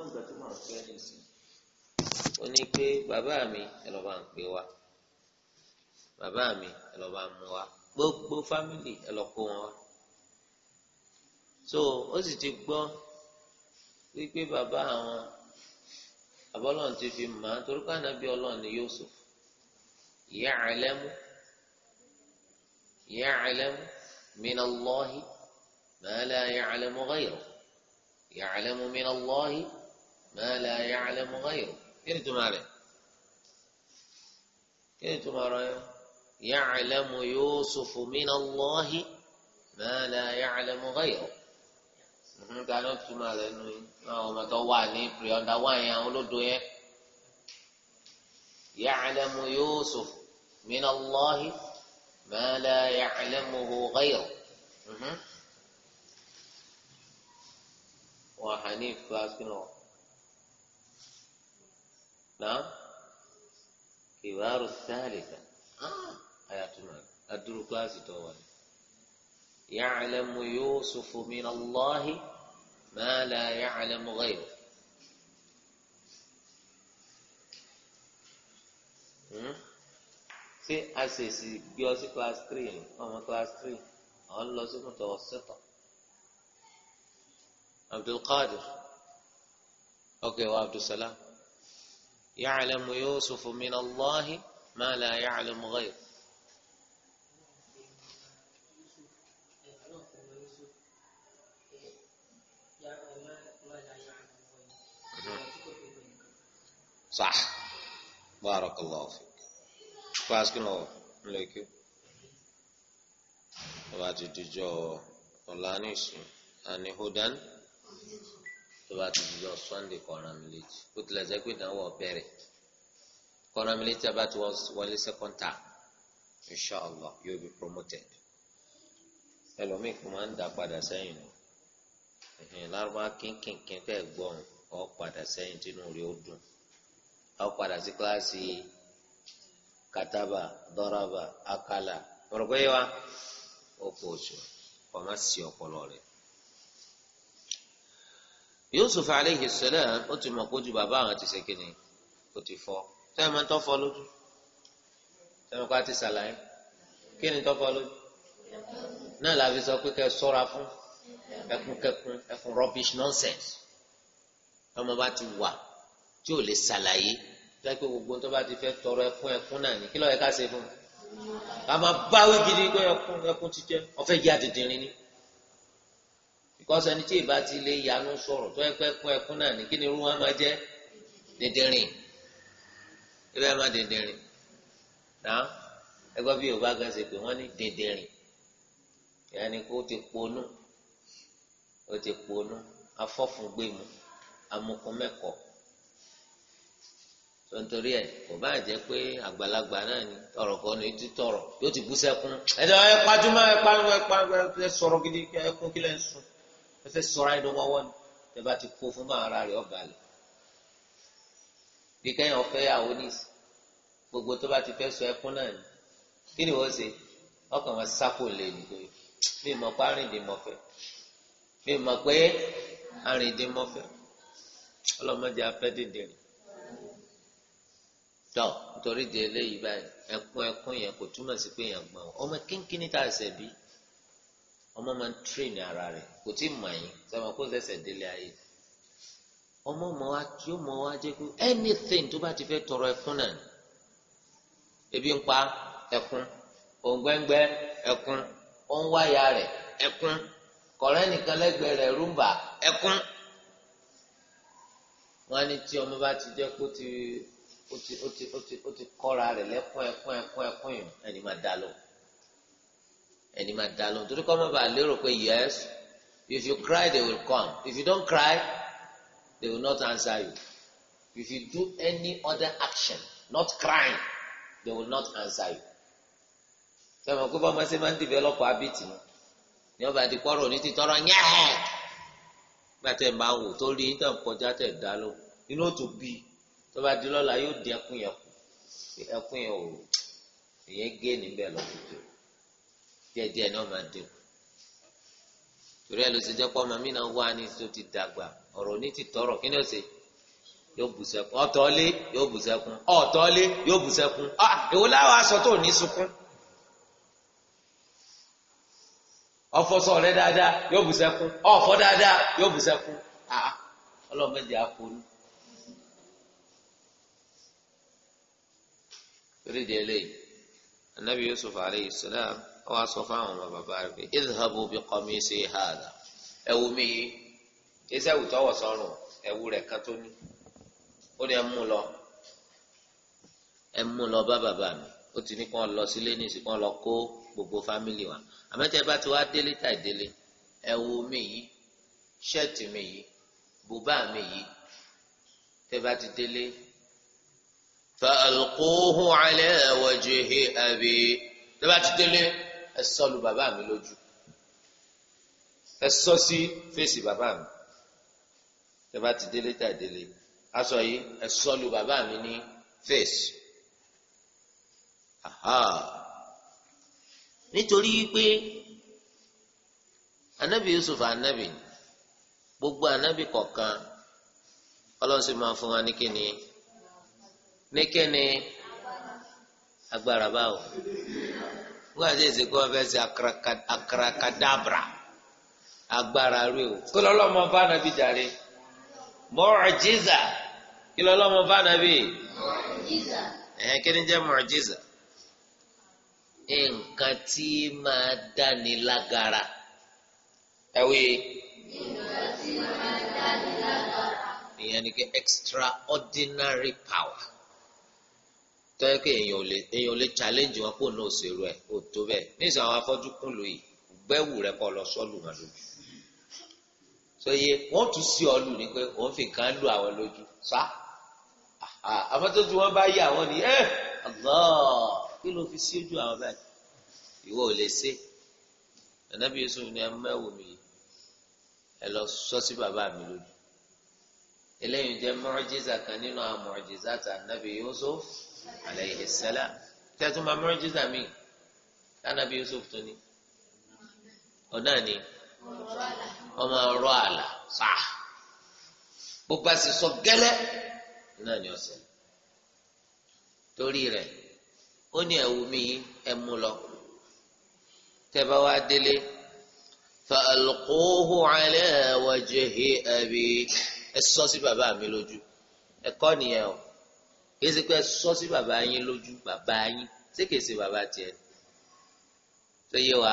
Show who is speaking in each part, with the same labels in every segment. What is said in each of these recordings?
Speaker 1: ṣùgbọ́n ìgbà tí màá fẹ́ ní ìsìn ó ní pé bàbá mi ẹ lọ bá ń pè wá bàbá mi ẹ lọ bá ń mú wá gbogbo fámìlì ẹ lọ kó wọn wá so ó sì ti gbọ́ wípé bàbá àwọn àbọ́lọ́run ti fi mọ̀ án torí káàná bí ọlọ́run ni Yusuf ya'lamu ya'lamu minallahi ma la ya'lamu ghayruhu ya'lamu minallahi. ما لا يعلم غيره كرهتم عليه كرهتم عليه يعلم يوسف من الله ما لا يعلم غيره ta ló túmọ̀ rẹ̀ nù àwọn ọmọ tó wà ní pìrìọ̀dà wà yẹn àwọn olódò yẹn ya'lamu Yusuf min Allahi ma la ya'lamuhu ghayru wà hàníf kíláàsì náà. نعم كبار الثالثة آه آياتنا أدرو كلاسي طوال يعلم يوسف من الله ما لا يعلم غيره hmm? سي أسي سي جوزي كلاس 3 أما كلاس 3 الله سي متوسطة عبد القادر أوكي وعبد السلام يعلم يوسف من الله ما لا يعلم غيره صح بارك الله فيك فاسك كنو ملكي واجد جو الله نيسي أني هدى tó bá ti dijọ́ sunday kọ́ran mi létí tilẹ̀ jẹ́ pé ìdánwò bẹ̀rẹ̀ kọ́ran mi ti wọlé second term inshallah you be promoted ẹlòmíì kò máa ń dà padà sẹ́yìn o lárúbá kínkínkín fẹ́ gbọ́n ọ padà sẹ́yìn tínú rẹ̀ ó dùn ọ padà sí kataba dọ́raba akala mọ̀rọ̀ pé oṣù sí Yusuf aleyhi salam ó ti mọ̀ kójú bàbá àwọn ti ṣe kínní kò ti fọ́ sẹ́yìn máa ń tọ́fọ́ lójú sẹ́yìn kó a ti ṣàlàyé kí ni tọ́fọ́ lójú náà la fi sọ pé kẹ́ sọ́ra fún ẹkúnkẹkún ẹkún rubbish nonsense ọmọ bá ti wà tí ò lè ṣàlàyé dákẹ́ gbogbo tó bá ti fẹ́ tọrọ ẹkún ẹkún náà ni kí ló yẹ ká ṣe fún un ká máa báwí gidi pé ẹkún ẹkún ti jẹ ọfẹ́ yá dìndínrín ni bíkọ́sì ẹni tí ìbá ti lè yanu sọ̀rọ̀ tó ẹ pẹ́ kún ẹkún náà ní kí ni irú wa máa jẹ́ dèdèrìn irú ẹ máa dèdèrìn náà ẹgbẹ́ bí yorùbá gan ṣe pé wọ́n ní dèdèrìn yẹn ni kó ti ponú ó ti ponú afọ́fúngbẹ́mu amukumẹ́kọ̀ọ́ tontori ẹ kò bá jẹ pé àgbàlagbà náà ni tọrọ kọ ní ti tọrọ yóò ti bú sẹ́kún ẹ jẹ ẹ pàjùmọ ẹ pàjùmọ ẹ pàjùmọ gidi ẹ kún kílẹ̀ ń sùn ẹ fẹ́ sọra ẹ lọ́wọ́ wọn tẹ bá ti kó fún máa ara rẹ ọba lẹ bí kẹ́yìn ọ̀fẹ́ yàwó nìsí gbogbo tó bá ti fẹ́ sọ ẹkún náà ni kí ni wọ́n ṣe ọkàn wọn sápò lè ní pé bí mo pa arìndínmọ́fẹ́ bí mo pé arìndínmọ́fẹ́ ọlọ́mọdé afẹ́ dìde rẹ̀ tọ nítorí di eléyìí báyìí ẹkún ẹkún yẹn kò túmọ̀ sí pé èèyàn gbọ́n ọmọ kínkínní tá a ṣẹ̀ bí ọmọ máa ń train ara rẹ̀ kò tí ì mọ̀ yín sọmọ kó sẹ̀sẹ̀ délé ayé ọmọ ọmọ wa kí ó mọ wa jẹ́ pé anything tó bá ti fẹ́ tọrọ ẹkún náà ebi ń pa ẹkún òǹgbẹ́ngbẹ́ ẹkún ó ń wáyà rẹ̀ ẹkún kọ̀rẹ́ nìkan lẹ́gbẹ̀ẹ́ rẹ̀ rúmbà ẹkún wọ́n ní tí ọmọ bá ti jẹ́ kó ti ó ti ó ti ó ti kọ́ra rẹ̀ lẹ́kún ẹkún ẹkún ẹkún yìí ẹni máa dá lóhùn ẹni máa dá lóhùn torí kọ́ máa bàa lérò pé yes if you cry they will come if you don't cry they will not answer you if you do any other action not crying they will not answer you. sẹ́wọ̀n kó bá máa ṣe máa ń dìvẹ́lọ́pù hábìtì ni ní ọba àti kọ́rọ̀ ní ti tọrọ yẹ́ẹ̀ gbà tẹ̀ máa wò tó rí nítorí kọjá tẹ̀ dá ló inú ó tún bí tó bá di lọ́la yóò dín ẹkún yẹn kù ẹkún yẹn ò èyẹ gé níbẹ̀ lọ́kùnrin. díẹ̀díẹ̀ náà máa dín torí ẹ ló ṣe jẹ́ pọ́ ọmọ mi náà wá ní tó ti dàgbà ọ̀rọ̀ ní ti tọrọ kí ni ó ṣe yóò bù sẹ́kún ọ̀tọ́lé yóò bù sẹ́kún ọ̀tọ́lé yóò bù sẹ́kún èwo láwọn aṣọ tó ní sunkún ọfọsọ rẹ dáadáa yóò bù sẹ́kún ọfọ dáadáa yóò bù sẹ́kún ọlọ́mọdé eléyìí yusuf aleyhi salaam. ó wá sọ fáwọn ọmọ bàbá rẹ̀ pé idhabu bi qamisi hadha ẹ̀wù mi yìí iṣẹ́ ìwù tọwọ́ sọ́rùn ẹ̀wù rẹ̀ kan tó ní ó ní ẹ mú lọ ẹ mú lọ bá bàbá mi ó ti ní kàn lọ sílé ní ìsìn kàn lọ kó gbogbo fámìlì wa àmọ́tẹ́ bá ti wá délé tà délé ẹ̀wù mi yìí ṣẹ́ẹ̀tì mi yìí bùbá mi yìí tẹ́ bá ti délé fa alquhu ala wajhi abi tẹ́ bá ti délé ẹ sọ lu bàbá mi lójú ẹ sọ sí fèsì bàbá mi tẹ bá ti délé tà délé aṣọ yìí ẹ sọ lu bàbá mi ní fèsì nítorí pé anabi yusuf anabi gbogbo anabi kọ̀ọ̀kan ọlọ́run sì máa fún wa ní kíni ní kíni agbára báwo wọ́n àti èsì kí wọ́n fẹ́ ṣe akarakadabra agbára rẹ o kí lọ́lọ́mọ bá nàbí jàre mọ́ọ̀jíza kí lọ́lọ́mọ bá nàbí
Speaker 2: mọ́ọ̀jíza
Speaker 1: ẹ̀hẹ́n kí ni jẹ́ mọ́ọ̀jíza nǹkan tí máa dáni lágara ẹ̀wí nǹkan
Speaker 2: tí máa dáni lágara
Speaker 1: ìyẹn ni kí extraordinary power tẹ́lẹ̀ pé èèyàn ò lè èèyàn ò lè challenge wọn pò náà òṣèrú ẹ̀ ò tó bẹ́ẹ̀ nísìnyí àwọn afọ́jú kùn lóyè gbẹ́wù rẹ kọ́ lọ sọ́ọ̀lù wọn lójú sọye wọ́n tún sí ọlù ni pé òun fi kàn lù àwọn lójú sá àwọn wọn bá yé àwọn ni ẹ Allah kí ló fi sí ojú àwọn báyìí ìwọ ò lè ṣe Ànábì Yusuf ni ẹ mẹ́wò mi ẹ lọ sọ sí bàbá mi lójú eléyìí jẹ́ mọ́rọ́jísà kan nínú àwọn mọ́rọ́jísà tà Ànábì Yusuf alayhi salam tẹ́tù máa mọ́rẹ́jìsà mi tánàbí Yusuf tó ní ọ̀dà ni ọmọ ọ̀rọ̀ àlà fà bó bá sì sọ gẹ́lẹ́ náà ni ọ̀sẹ̀ torí rẹ̀ ó ní ẹ̀wù mi ẹ̀ lọ tẹ́ wá délé fàlùkùhù ala wajhi abi ẹ̀ sọ sí bàbá mi lójú ẹ̀kọ́ nìyẹn o kìí ṣe pé sọ sí bàbá yín lójú bàbá yín ṣé kìí ṣe bàbá tiẹ̀ tó yé wa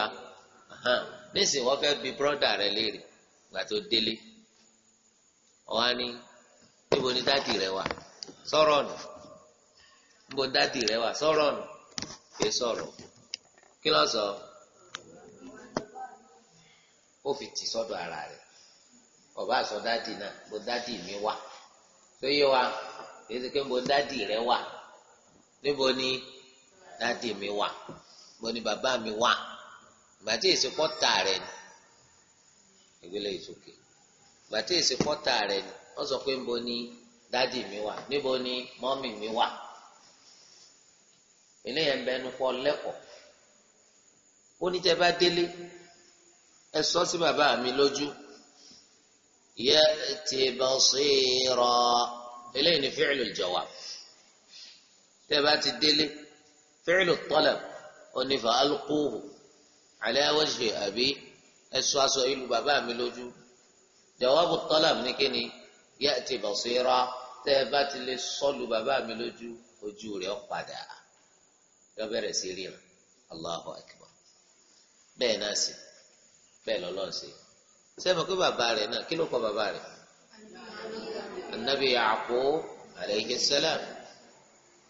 Speaker 1: nísìnyí wọ́n fẹ́ bi bọ́dà rẹ léèrè gbà tó délé ọ̀wá ni níbo ni dádì rẹ wà sọ̀rọ̀ nù níbo dádì rẹ wà sọ̀rọ̀ nù kìí sọ̀rọ̀ kí ló sọ ó fi tì sọ́dọ̀ ara rẹ̀ ọba àsọdádì náà bó dádì mi wà tó yé wa. So, kìí ṣe pé níbo dádì rẹ wà níbo ni dádì mi wà níbo ni bàbá mi wà ìgbà tí èsì pọ́tà rẹ ni ìgbélé ìsòkè ìgbà tí èsì pọ́tà rẹ ni wọ́n sọ pé níbo ni dádì mi wà níbo ni mọ́mì mi wà eléyẹn bẹ ẹnu kọ lẹ́kọ̀ọ́ ó bá délé ẹ sọ sí bàbá mi lójú yẹ ti bọ́ sí rọ eléyìí ni fi'lu al-jawab tẹ́ bá ti délé fi'lu al-talab onífà alquhu ala wajhi abi ẹ̀sọ́ aṣọ ìlú bàbá mi lójú jawabu al-talab ní kíni ya'ti basira tẹ́ bá ti lè sọ́lu bàbá mi lójú ojú rẹ̀ padà yọ bẹ̀rẹ̀ sí ríran Allahu akbar bẹ́ẹ̀ náà sí bẹ́ẹ̀ lọ́lọ́ọ̀ sí sẹ́mi pé bàbá rẹ̀ náà kí ló kọ́ bàbá rẹ̀ anabi Yaqub alayhi salam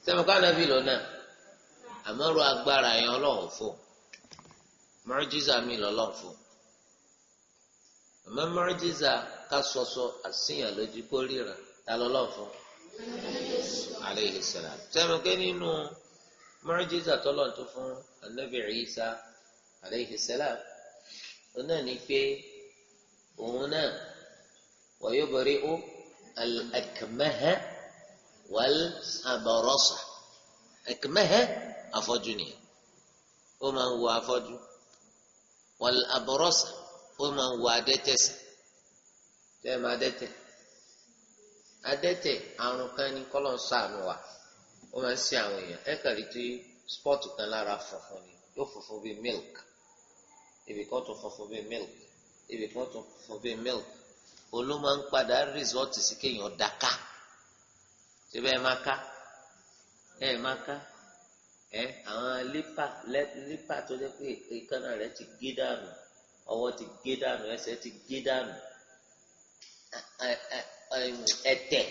Speaker 1: sẹ́mukọ́ anabi lọ́nà àmọ́rò agbára yẹn ọlọ́run fò mọ́rọ́jísà mi lọ́lọ́run fò àmọ́ mọ́rọ́jísà ká sọsọ àṣìyàn lójú kó ríra ta lọ́lọ́run fò alayhi salam sẹ́mukọ́ nínú mọ́rọ́jísà tọ́lọ̀ tó fún anabi Isa alayhi salam ọ̀nà ni pé òun náà wọ́n yóò bọ̀rí ó. الأكمه والأبرص أكمه أفجني وما هو أفج والأبرص وما هو أدتس كم أدت أدت àrùn kan ni kọ́lọ̀ ń ṣàánú wa ó máa ń ṣe àwọn èèyàn ẹ kàrí tí spọ́ọ̀tù kan lára funfun ni yóò funfun bíi milk ibì kan tún funfun bíi milk ibì kan tún funfun bíi milk olú máa ń padà rìsọ́ọ̀tì sí kéèyàn daka síbẹ̀ ẹ máa ká ẹ máa ká ẹ àwọn lípà lípà tó jẹ́ pé ìkànnà rẹ̀ ti gé dànù ọwọ́ ti gé dànù ẹsẹ̀ ti gé dànù ẹ̀tẹ̀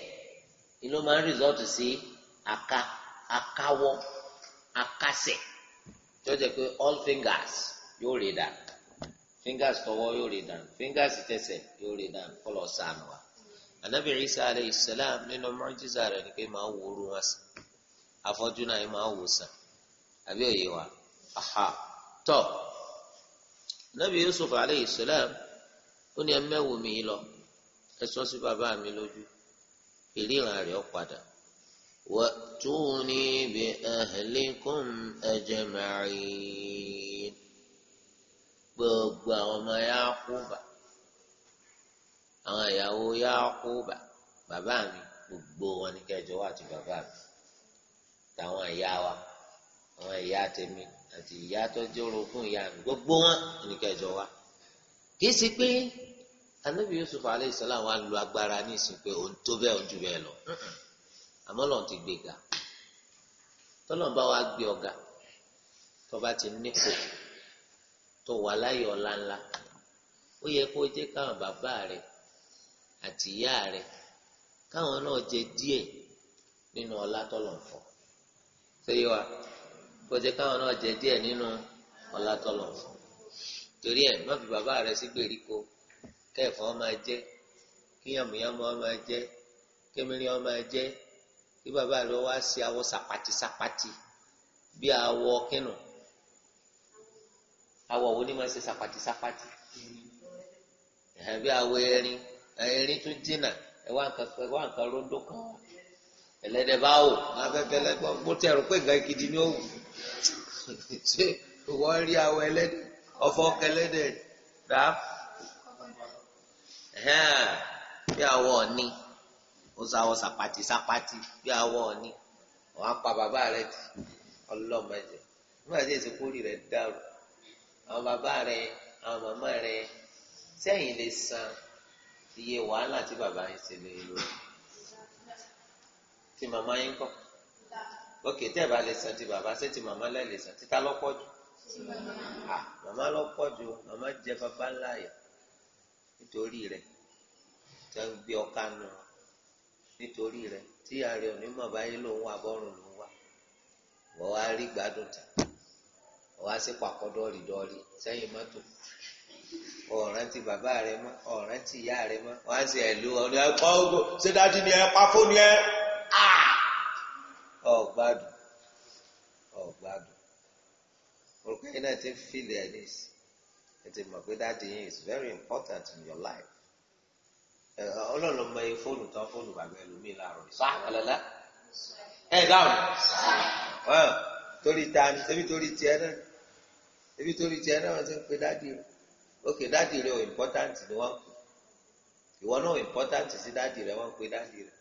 Speaker 1: ìlú máa ń rìsọ́ọ̀tì sí aka akawọ́ akasẹ̀ tó jẹ́ pé all fingers yóò rí dànù. fingers tọwọ́ yóò rí dànù fingers tẹsẹ̀ yóò rí dànù kọlọ sànù wa anabi isa alayhi salam nínú mọ́jísà rẹ̀ ni pé sàn afọ́jú náà wò sàn àbí òye aha tọ́ anabi yusuf alayhi salam ó ní ẹmẹ́wò mi lọ ẹ sọ sí bàbá mi lójú bi gbogbo àwọn ọmọ Yakuba àwọn ìyàwó Yakuba bàbá mi gbogbo wọn ní kẹjọ wà tí bàbá mi táwọn ìyá wa àwọn ìyá tèmi àti ìyá tó jọrọ fún ìyá mi gbogbo wọn ní kẹjọ wà kì í sí pé Ànábì Yusuf alayhi salam wa lu agbára ní ìsìn pé òun tó bẹ́ẹ̀ ojú bẹ́ẹ̀ lọ àmọ́ lọ́n ti gbé ga tọ́lọ́n bá wa gbé ọ̀gá tọ́ba ti nípò tó wà láyọ̀ ńláńlá ó yẹ kó jẹ́ káwọn bàbá rẹ̀ àti ìyá rẹ̀ káwọn náà jẹ díẹ̀ nínú ọlá tọ́lọ̀ ń je wa kó jẹ́ káwọn náà jẹ díẹ̀ nínú ọlá tọ́lọ̀ torí ẹ̀ má fi bàbá rẹ̀ sí gbèríko kẹ́ẹ̀fọ́ máa jẹ́ kí yàmùyàmù máa jẹ́ jẹ́ kí bàbá rẹ̀ wá sí awọ bí awọ kínú awọ wo ni máa ṣe sapati sapati ẹhàn bí awọ erin erin tún dínà ẹwà nǹkan ẹwà nǹkan rondo kan ẹlẹ́dẹ̀ bá wò afẹ́fẹ́ lẹ́gbọ́n mo tẹ̀ rò pé nǹkan gidi ni ó wù ṣé wọ́n rí awọ ẹlẹ́dẹ̀ ọ̀fọ̀ kẹlẹ́dẹ̀ dá bí awọ ọ̀ni ó sọ awọ sapati sapati bí awọ ọ̀ni wọ́n á pa bàbá rẹ̀ ti ọlọ́mọdé nígbà tí èsì kórì rẹ̀ dàrú àwọn bàbá rẹ àwọn màmá rẹ sẹ́yìn lè san iye wàhálà tí bàbá yín ṣe lè lò tí màmá yín kọ́ òkè tẹ́ ẹ̀ bá lè san ti bàbá ṣé ti màmá lẹ́ lè san títa lọ́pọ̀ jù ah, màmá lọ́pọ̀ jù màmá jẹ bàbá láàyè nítorí rẹ̀ tẹ́ ń gbé ọkà nù nítorí rẹ̀ tí ààrẹ òní mọ̀ báyìí lòun wà bọ́rùn lòun wà wọ́n wá rí gbádùn tán. ọwọ́ àsìkò àkọ́dọ́ọ̀lì dọ́ọ̀lì sẹ́yìn mọ́tò ọ̀rántí bàbá rẹ mọ́ ọ̀rántí ìyá rẹ mọ́ wọ́n á sì ọ̀nà ẹ̀kọ́ ogo ṣé dájú ni ẹ pa fóònù ẹ ọ̀gbádùn ọ̀gbádùn ti ń fìlẹ̀ ẹ̀ mọ̀ pé dájú is very important in your life ọlọ́run mọ iye fóònù tán fóònù bàbá ẹ̀ dáhùn. torí tani ṣebí torí tiẹ̀ náà ṣebí torí tiẹ̀ náà wọ́n ti ń pe dáàdi rẹ̀ ok dáàdi rẹ̀ ò important ni wọ́n pè ìwọ náà important sí dáàdi rẹ̀ wọ́n pe dáàdi rẹ̀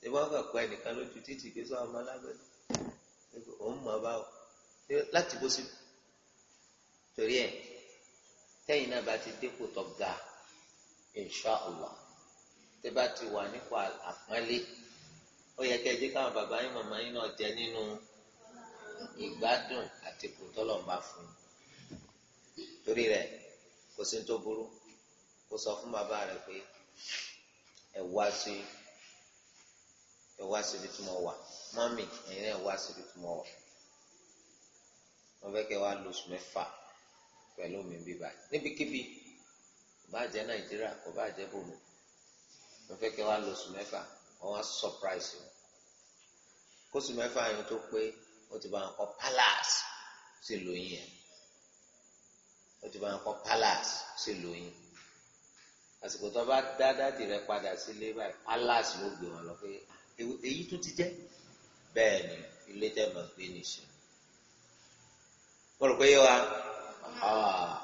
Speaker 1: ṣé wọ́n kàn pẹ́ nìkan lójú títì pé sọ ọmọ alágbẹ̀dẹ òun mọ̀ báwò láti bó sí torí ẹ̀ tẹ́yìn náà bá ti dépò tó ga inshàlá tẹ́ bá ti wà nípa àpọ́nlé ó yẹ kẹ́ káwọn bàbá yín màmá yín náà jẹ nínú. No ìgbádùn àti kù tọ́lọ́mbà fún un torí rẹ̀ kò sí tó burú kó sọ fún bàbá rẹ̀ pé ẹ wá sí ẹ wá síbi tí mo wà mọ́mì ẹ̀yin náà wá síbi tí mo wà wọ́n fẹ́ kẹ́ wá lóṣù mẹ́fà pẹ̀lú mi bíbá níbikíbi kò bá jẹ́ nàìjíríà kò bá jẹ́ bòmù wọ́n fẹ́ kẹ́ wá lóṣù mẹ́fà wọ́n wá sọpráìsì kóṣù mẹ́fà yẹn tó pé ó ti bá wọn kọ́ palace sí lóyún yẹn ó ti bá wọn kọ́ palace sí lóyún àsìkò tó bá dá dáàdì rẹ padà sílé báyìí palace ló gbé wọn lọ pé ah, èyí tún ti jẹ bẹ́ẹ̀ ni ilé jẹ mọ gbé nìṣẹ mo rò pé yé wa ah,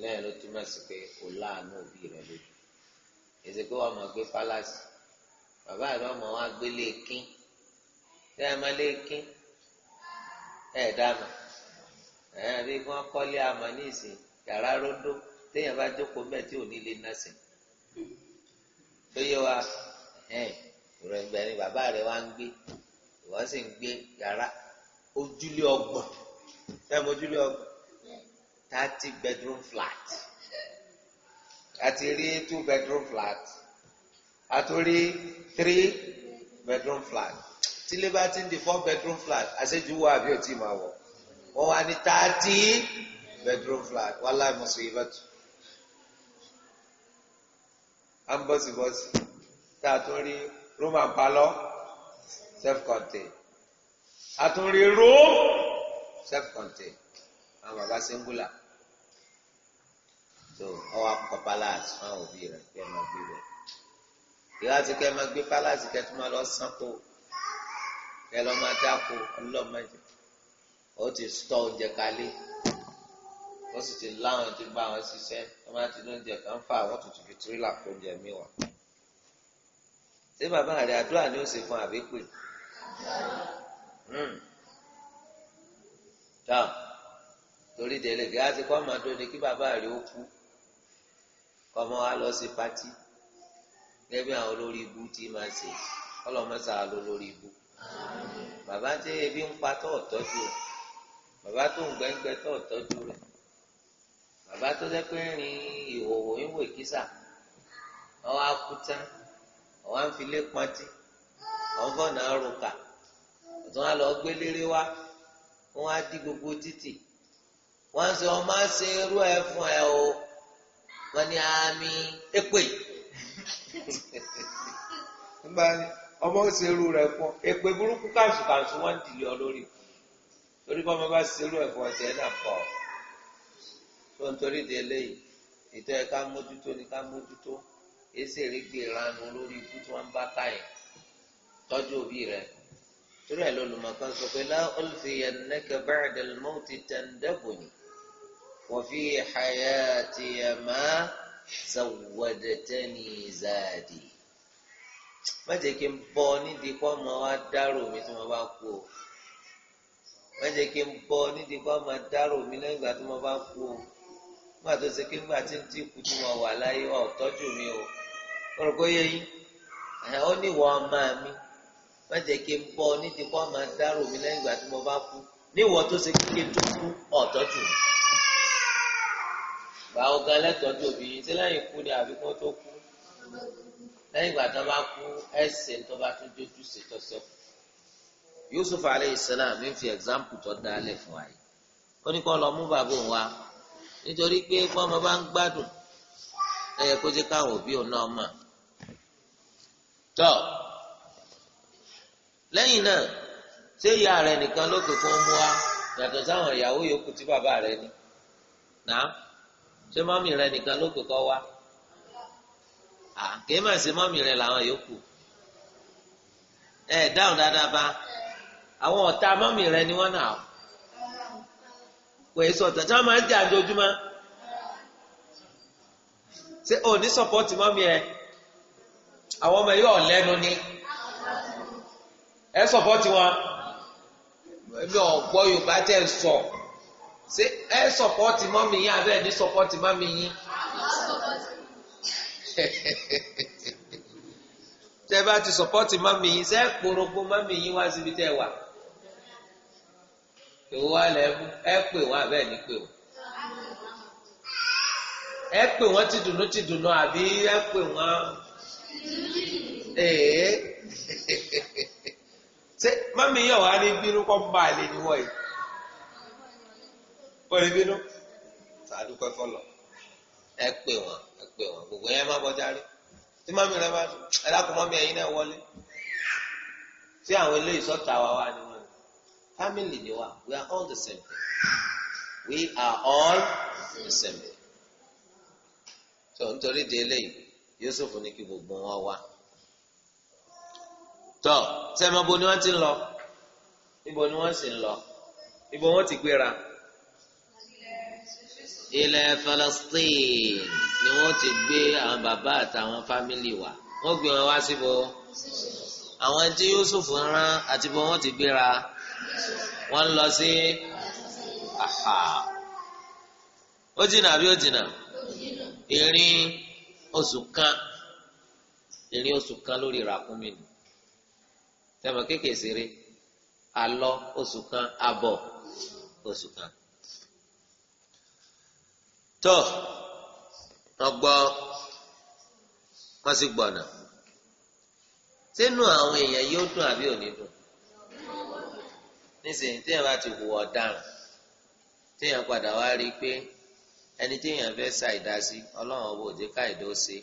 Speaker 1: lẹ́yìn ló túmọ̀ sí pé o láàánú òbí rẹ lójú èsì pé wọ́n mọ̀ gbé palace bàbá rẹ ọmọ wa gbé léèkín tẹ́ ẹ má léèkín ẹ dáàmà ẹ bí wọn kọ́lé àmà ní ìsìn yàrá róńdó téèyàn bá jókòó mẹ́ẹ̀ tí ò ní lè nà sí tó yẹ wa ìrọ̀gbẹ́ ni bàbá rẹ̀ wá ń gbé ìwọ́n sì ń gbé yàrá ojúlé ọgbọ̀n fẹ́ẹ́ mojúlé ọgbọ̀n thirty bedroom flat àti rí two bedroom flat àti rí three bedroom flat tí ilé ti ń di four bedroom flat àṣejù wà àbí òtí máa wọ̀ wọ́n wà ní thirty bedroom flat wallahi musibatu. à ń bọ́sibọ́sì tá a tún rí room and parlour self contained a tún rí room self contained àwọn bàbá singular so ọwọ akọ palace fún àwọn òbí rẹ kí ẹ máa gbé rẹ ìyá kẹ máa gbé palace kẹ tó máa lọ sanko kẹ lọ máa dáko ọlọmọdé ó ti tọ oúnjẹ kalẹ ó sì ti láwọn ti bá wọn ṣiṣẹ́ wọn máa ti lóúnjẹ kan fà wọn tuntun fi tirila kó oúnjẹ mi wà. ṣé bàbá rẹ àdúrà ni ó ṣe fún àbíkù? Hmm. tá torí délé gíga ti kọ́ máa dóni kí bàbá rẹ ó kú kọ́ máa wá lọ sí pátí gẹ́gẹ́ bí àwọn olórí ibú ti máa ṣe ọlọ́mọ sàá lọ lórí ibú bàbá tí ebi ń pa tó tọ́jú rẹ̀ bàbá tó ń gbẹ́ngbẹ́ tó tọ́jú rẹ̀ bàbá tó jẹ́ pé rin ìhòòhò ìwò ìkísà ọwọ́ akúta ọwọ́ àǹfilé pọ́ntì ọ̀nfọ̀nà ọ̀rùnkà ọ̀tún á lọ gbé léré wá wọ́n á dí gbogbo títì wọ́n á sọ ọmọ á ṣe irú ẹ̀ fún ẹ o wọ́n ní àmì èpè ọmọ òṣèlú rẹ̀ fún èpè burúkú kàṣù kàṣù wọ́n ń dìlẹ̀ ọ lórí torí bọ́mọ bá ṣèlú ẹ̀fọ́ ọ̀tẹ̀ náà pọ̀ tó ń torí di eléyìí ètò ẹ̀ka mójútó ni ká mójútó èsì èrègbè ìranu lórí ikú tí wọ́n ń bá káyìn tọ́jú òbí rẹ̀ torí ẹ̀ lọ́lùmọ̀kan sọ pé láòlùfẹ́ yẹn nẹ́kẹ́ bẹ́ẹ̀ dẹ̀lmọ́ ti tẹ̀ǹdẹ́bùnì wọ́fí xayá tiẹ̀ máa sàwọ́dẹ̀tẹ́ni záàdì má jẹ́ kí n bọ́ nídìí kọ́ ọmọ wa dárò mi tí mo bá kú o má jẹ́ kí n bọ́ nídìí kọ́ ọmọ dárò mi lẹ́yìn ìgbà tí mo bá kú o má tó ṣe kí nígbà tí n ti kú tí mo wà láyé ọ̀ tọ́jú mi o mo rò pé yẹ yín ó ní ìwọ ọmọ mi má jẹ́ kí n bọ́ nídìí kọ́ ọmọ dárò mi lẹ́yìn ìgbà tí mo bá kú ní ìwọ tó ṣe kí n tó kú ọ̀ tọ́jú mi báwo gan lẹ́tọ̀ọ́jú obìnrin tí lẹ́yìn lẹ́yìn ìgbà tó bá kú ẹsẹ̀ tó bá tún dójú ṣe tó ṣe kù Yusuf alayhi salam mi fi example tó dálẹ̀ fún wa yìí ó ní kó lọ mú bàbá òun wá nítorí pé bọ́mọ bá ń gbádùn ẹ yẹ kó jẹ́ káwọn òbí òun náà mọ̀ tọ́ lẹ́yìn náà ṣé ìyá rẹ nìkan ló pè fún mú wa yàtọ̀ sáwọn ìyàwó yòókù tí bàbá rẹ ní nà ṣé mọ́mì rẹ nìkan ló pè kọ́ wá. kìí máa ṣe mọ́mì rẹ̀ làwọn yòókù ẹ dáhùn dáadáa bá àwọn ọ̀tá mọ́mì rẹ̀ ni wọ́n nà ọ kò èso wọ́n máa ń ṣé o ní sọ́pọ́tì mọ́mì ẹ àwọn ọmọ yóò lẹ́nu ni ẹ sọ́pọ́tì wọn ẹbí yorùbá tẹ̀ sọ ṣé ẹ sọ́pọ́tì mọ́mì yín abẹ́ ẹ ní sọ́pọ́tì mọ́mì t'ebe bá ti sọ̀pọ́tì mọ́mì yín sẹ́ kporogun mọ́mì yín wá síbi tẹ́ wà èwo wà ẹ pè ní pè ẹ pè ti dùnú ti dùnú àbí ẹ pè ee ṣe ọ̀hán ní bínú kọ́ bá ní wọ́n ẹgbẹ́ wọn gbogbo yẹn má kọjá rí tí mọ́mí rẹ bá ẹ dákun mọ́mí ẹ̀yin náà wọlé tí àwọn eléyìí sọ́ta wa wá ni wọn family ni wa we are all the same we are all the same tó nítorí di eléyìí Yusuf ní kí gbogbo wọn wá tọ sẹ́mi bo ni wọ́n ti ń lọ ibo ni wọ́n sì ń lọ ibo wọ́n ti gbéra ilẹ̀ Palestine ni wọ́n ti gbé àwọn bàbá àtàwọn fámìlì wa wọ́n gbé wọn wá síbò àwọn tí Yusuf rán àti bó wọ́n ti gbéra wọ́n lọ sí àhà ó jìnnà àbí ó jìnnà ìrìn oṣù kan ìrìn oṣù kan lórí ìràkúnmí ni tẹmọ kéèké ṣeré alọ oṣù kan abọ oṣù kan tó. So, wọ́n gbọ́ wọ́n sì gbọ̀nà sínú àwọn èèyàn yóò dùn àbí ò ní dùn nísìnyí téèyàn bá ti hùwà ọ̀daràn téèyàn padà wá rí i pé ẹni téèyàn fẹ́ ṣàìdá sí ọlọ́run ọba òjé káìdó ṣe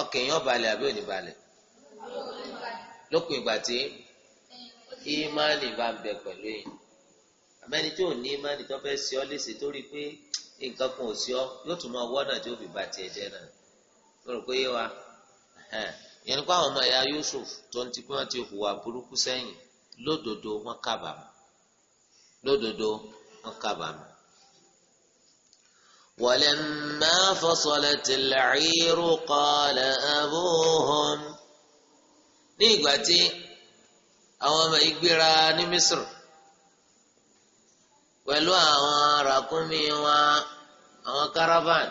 Speaker 1: ọkàn èèyàn balẹ̀ àbí ò ní balẹ̀ lópin ìgbà tí ìmánì bá ń bẹ pẹ̀lú èèyàn àmẹ́ni tí ò ní ìmánì tó fẹ́ ṣe ọ́ léṣe tó rí i pé nǹkan kan ò sí ọ yóò tún máa wọ́nà tí ó fi ba tiẹ̀ jẹ́ náà mo rò pé yé wa ìyẹn nípa àwọn ọmọ ẹ̀yà Yusuf tó ń ti pé wọ́n ti hùwà burúkú sẹ́yìn lódodo wọ́n kábàámọ̀ lódodo wọ́n kábàámọ̀. ولما فصلت العير قال أبوهم ní ìgbà tí àwọn ọmọ pẹ̀lú àwọn rakumi wọn àwọn caravan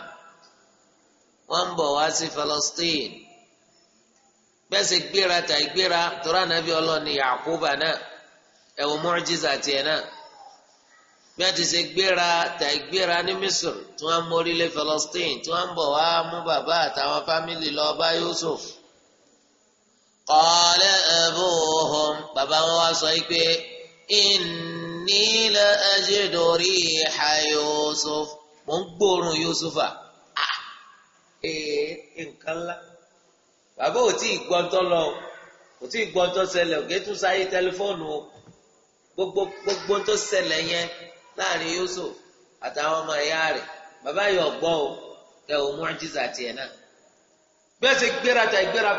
Speaker 1: wọ́n ń bọ̀ wá sí Palestine bẹ́ẹ̀ sì gbéra tàì gbéra torá nàbí ọlọ́ọ̀ni Yakuba náà ẹ̀wọ̀ mọ́rìjísà tiẹ̀ náà ti ṣe gbéra tàì gbéra ní Misr tí wọ́n mórí lé Palestine tí wọ́n ń bọ̀ wá mú bàbá àtàwọn fámìlì lọ bá Yusuf qala abuhum bàbá wọn wá sọ yìí pé inni la ajidu riha ma mò ń gbóòórùn Yusufa ah! ee nǹkan ńlá bàbá ò tí ì gbọ́ntọ́ lọ kò tí ì gbọ́ntọ́ tún sáyé tẹlifóònù o gbogbo gbogbo tó ṣẹlẹ̀ yẹn láàrin Yusuf àtàwọn ọmọ ẹ̀yà rẹ̀ bàbá o ẹ ò mú àjíṣà tiẹ̀ náà bí ṣe gbéra ta ìgbéra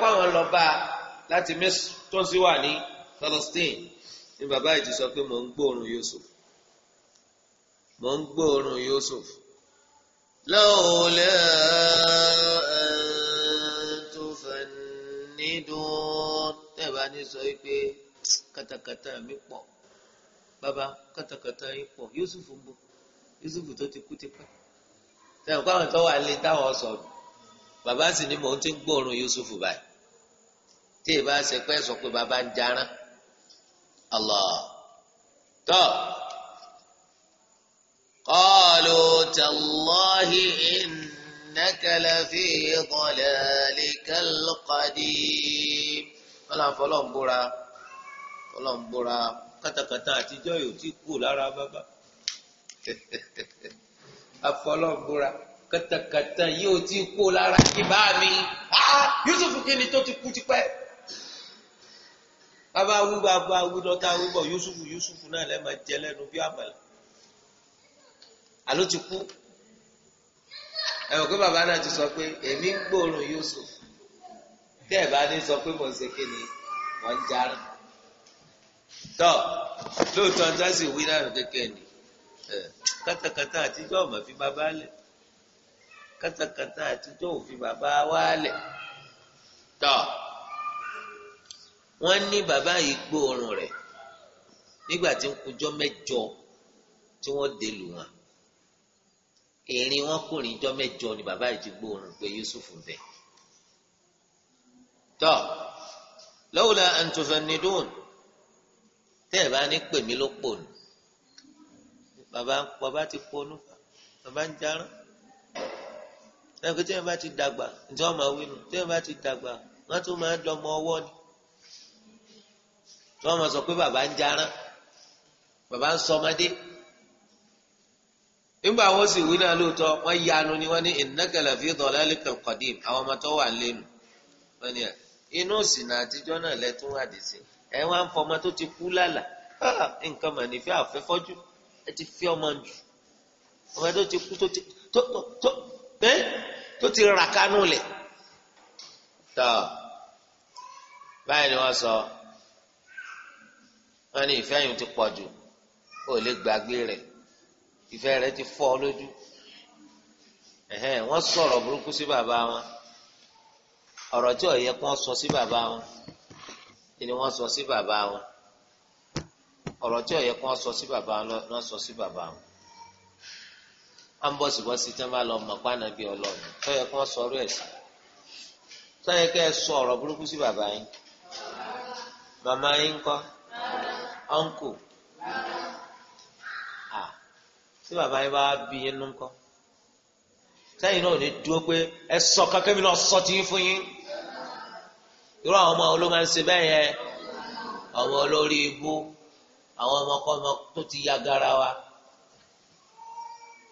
Speaker 1: ní bàbá yìí ti sọ pé mò ń gbóòórùn Yusuf mò ń gbóòórùn Yusuf lọ́wọ́lẹ́ tó fẹ́ nídùn tẹ̀bá ní sọ pé katakata mi pọ̀ bàbá katakata yìí pọ̀ Yusuf ń bọ̀ Yusuf tó ti kú ti pẹ́ sẹ́yìn kó àwọn tó wà lé táwọn sọ̀rọ̀ bàbá sì ni mò ń ti gbóòórùn Yusuf báyìí tí ì bá ṣe pé sọ pé bàbá ń jarán. الله طب قالوا تالله إنك لفي ضلالك القديم wọ́n láǹfọ̀ lọ́n búra lọ́n búra kátàkátà àtijọ́ yóò ti kú lára bàbá afọlọ́búra kátàkátà yóò ti kú lára kíbá mi ah, Yusuf kí ni tó ti kú tipẹ́ bàbá awú bàbá awú lọ́tà awú bọ̀ yusufu yusufu náà lẹ́ẹ̀ma jẹ lẹ́nu bí àmàlà àló ti kú ẹ̀wọ̀n pé bàbá náà ti sọ pé èmi ń gbóòórùn yusuf tẹ́ ẹ̀ bá ní sọ pé mò kí ni wọ́n ń jára tọ́ lóòótọ́ ń dásì wí náà kékeré ni kátàkátà àtijọ́ ọ̀mọ̀ fi bàbá lẹ̀ kátàkátà àtijọ́ òfin bàbá wálẹ̀ tọ́ wọ́n ní bàbá yìí gbóòórùn rẹ̀ nígbà tí ń kujọ́ mẹ́jọ tí wọ́n dé lù wọn ìrìn wọn kùnrin jọ mẹ́jọ ni bàbá yìí ti gbóòórùn pé Yusuf ń bẹ tọ lọ́wọ́lá àǹtọ̀fẹ́nidún tẹ́ ẹ̀ bá ní pè mí ló nù bàbá bàbá ti ponú bàbá ń jarán ẹ̀ pé tẹ́ ẹ̀ bá ti dàgbà ǹjẹ́ ọmọ wínú tẹ́ ẹ̀ bá ti dàgbà wọ́n tún máa ń dọmọ ọwọ́ ni. tí máa sọ pé bàbá ń jarán bàbá ń sọmọdé nígbà wo sì wí náà lóòótọ́ wọ́n yanu ni wọ́n ní ìnágàlà fi dọ̀lá lẹ́kàn kọ̀dìm àwọn ọmọ tó wà lẹ́nu wọ́n ní inú òsìnà náà lẹ́tún wà dé sí ẹ̀ ti kú fi ọmọ jù ọmọ tó ti kú tó ti tó tó tó ti rà kánú wọn ní ìfẹ́ yìí ti pọ̀ jù ó lè gbàgbé rẹ̀ ìfẹ́ rẹ̀ ti fọ́ lójú wọ́n sọ̀rọ̀ burúkú sí bàbá wọn ọ̀rọ̀ tí ó yẹ kó sọ sí bàbá wọn ni wọ́n sọ sí bàbá wọn ọ̀rọ̀ tí ó yẹ kó sọ sí bàbá wọn lọ́ sọ sí bàbá wọn à ń bọ̀sibọ́sí tí wọ́n bá lọ mọ̀ pàánà bíi ọlọ́run tó yẹ sọ ọ̀rọ̀ ẹ̀ sí tó kẹ́ ẹ sọ ọ̀rọ̀ burúkú sí bàbá yín màmá yín kọ́ uncle ah tí bàbá yín bá bí yín nú kọ́ sẹ́yìn náà ò ní dúró pé ẹ sọ kankan mi náà sọ ti yín fún yín irú àwọn ọmọ olóma ń ṣe bẹ́ẹ̀ yẹn ọmọ olórí ibú àwọn ọmọkọ́mọ tó ti ya gara wa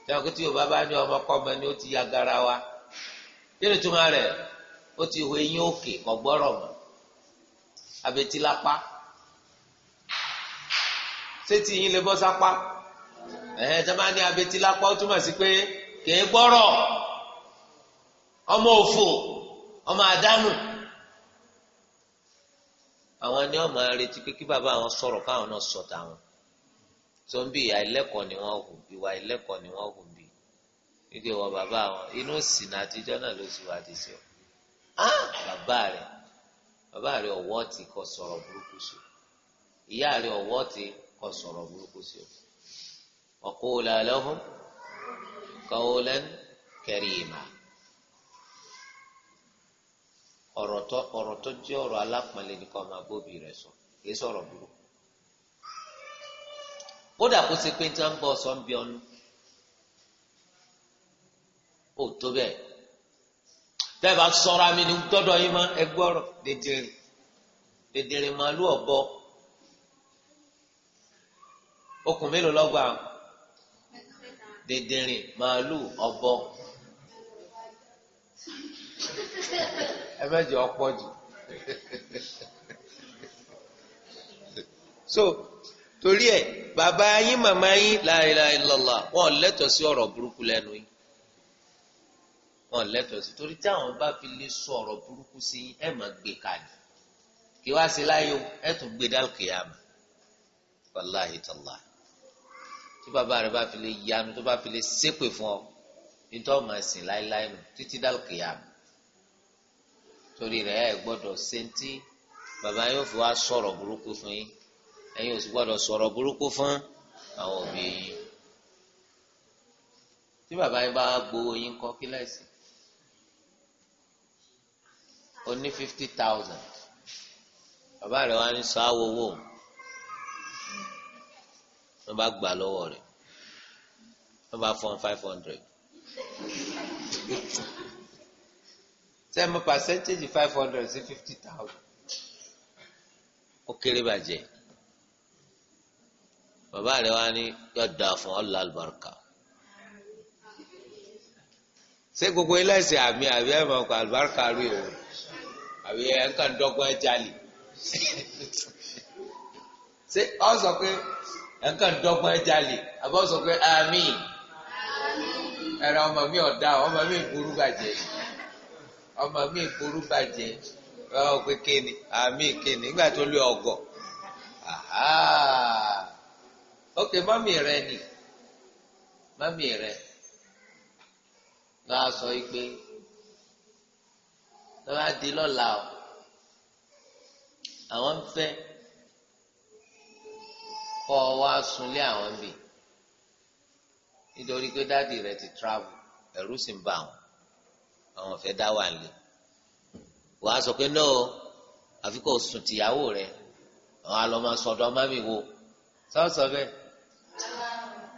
Speaker 1: tẹ́wọ́n kí tí yorùbá bá ní ọmọkọ́mọ ni ó ti ya gara wa kí ni túmọ̀ rẹ̀ ó ti hu eyín òkè kọ̀ gbọ́rọ̀ mọ́ abẹ́tí sétí yín lè bọ́ sápá ẹ̀hẹ́n tẹ́ máa ní abetí lápá ó túmọ̀ sí pé kìí gbọ́rọ̀ ọmọ òfò ọmọ àdánù àwọn ni ọmọ retí pé kí bàbá àwọn sọ̀rọ̀ káwọn náà sọ tàwọn tó ń bí ìyá ẹlẹ́kọ̀ọ́ ni wọ́n hù ìwà ẹlẹ́kọ̀ọ́ ni wọ́n hù bí wípé wọ bàbá àwọn inú sìn àtijọ́ náà ló sì wá dìísẹ́ ọ bàbá rẹ bàbá rẹ ọwọ́ ti kọ sọ̀rọ̀ burúkú sùn
Speaker 2: ìyá rẹ ọwọ́
Speaker 1: ti kọ́ sọ̀rọ̀ burúkú sí o wa qula lahum qawlan karima ọ̀rọ̀ tó ọ̀rọ̀ tó jẹ́ ọ̀rọ̀ alápọ̀nlé ni kọ́ máa bóbi rẹ̀ sọ kì í sọ̀rọ̀ burúkú kódà kó ṣe pé tí wọ́n ń sọ ń bí ọnu ó tó bẹ́ẹ̀ tẹ́ bá sọ́ra mi ní tọ́dọ̀ yín mọ́ ẹgbọ́rọ̀ dédéré dédéré màálù ọ̀bọ okùn mélòó lọ́gbà dèdèrìn màálù ọ̀bọ ẹ mẹ́jọ ọ̀pọ̀ jù so torí ẹ bàbá yín màmá yín la ilaha illallah wọn lẹ́tọ̀ọ́ sí ọ̀rọ̀ burúkú lẹ́nu yín wọn lẹ́tọ̀ọ́ sí torí táwọn bá fi lè sọ ọ̀rọ̀ burúkú sí yín ẹ máa gbé kalẹ̀ kí wá sí láyé ẹ tún gbé dálkìyàmù wàláhìí tàláhìí tí bàbá rẹ bá fi lè yanu tó bá fi lè ṣépè fún ọ nítorí ọmọ ẹsìn láéláé nù títí dálùkì yá mi torí rẹ ẹ gbọ́dọ̀ sentí bàbá yóò fi wá sọ̀rọ̀ burúkú fún yín ẹ̀yin ò sì gbọ́dọ̀ sọ̀rọ̀ burúkú fún àwọn òbí yín tí bàbá yín bá gbowó yín kọ kí lẹ́sìn ó ní fifty thousand bàbá rẹ wá ní sọ àwòwò òun ló bá gbà lọ́wọ́ rẹ̀ ló bá fọ́n five hundred sẹ́mi percentage five hundred sí fifty thousand ó kéré bàjẹ́ bàbá rẹ̀ wá ní yọ̀dà fún ọ̀là àlùbáríkà ṣé gbogbo ẹlẹ́sìn àmì àbí ẹ̀ máa kọ àlùbáríkà rí o àbí ẹ̀ ń kàn dọ́gbọ́n jalè ṣé ọ sọ pé ẹ̀ ń kàn dọ́gbọ́n ẹ̀ sọ pé ọmọ mi ọ̀dà ọmọ mi ìkúrú ọmọ mi ìkúrú bàjẹ́ ọ pé kéènì àmín nígbà tó lé ok rẹ ni mami rẹ lọ́wọ́ sọ pé lọ́wọ́ di lọ́la o àwọn ń fẹ́. kọ́ ọ wá sunlé àwọn bì nítorí pé dáàdi rẹ ti travel ẹ̀rù sì ń bà wọ́n àwọn fẹ́ dá wà lé wàá sọ pé náà àfi kò sùn tìyàwó rẹ àwọn àlọ́ máa sọ̀dọ̀ mami wo sọ́sọ́ bẹ́ẹ̀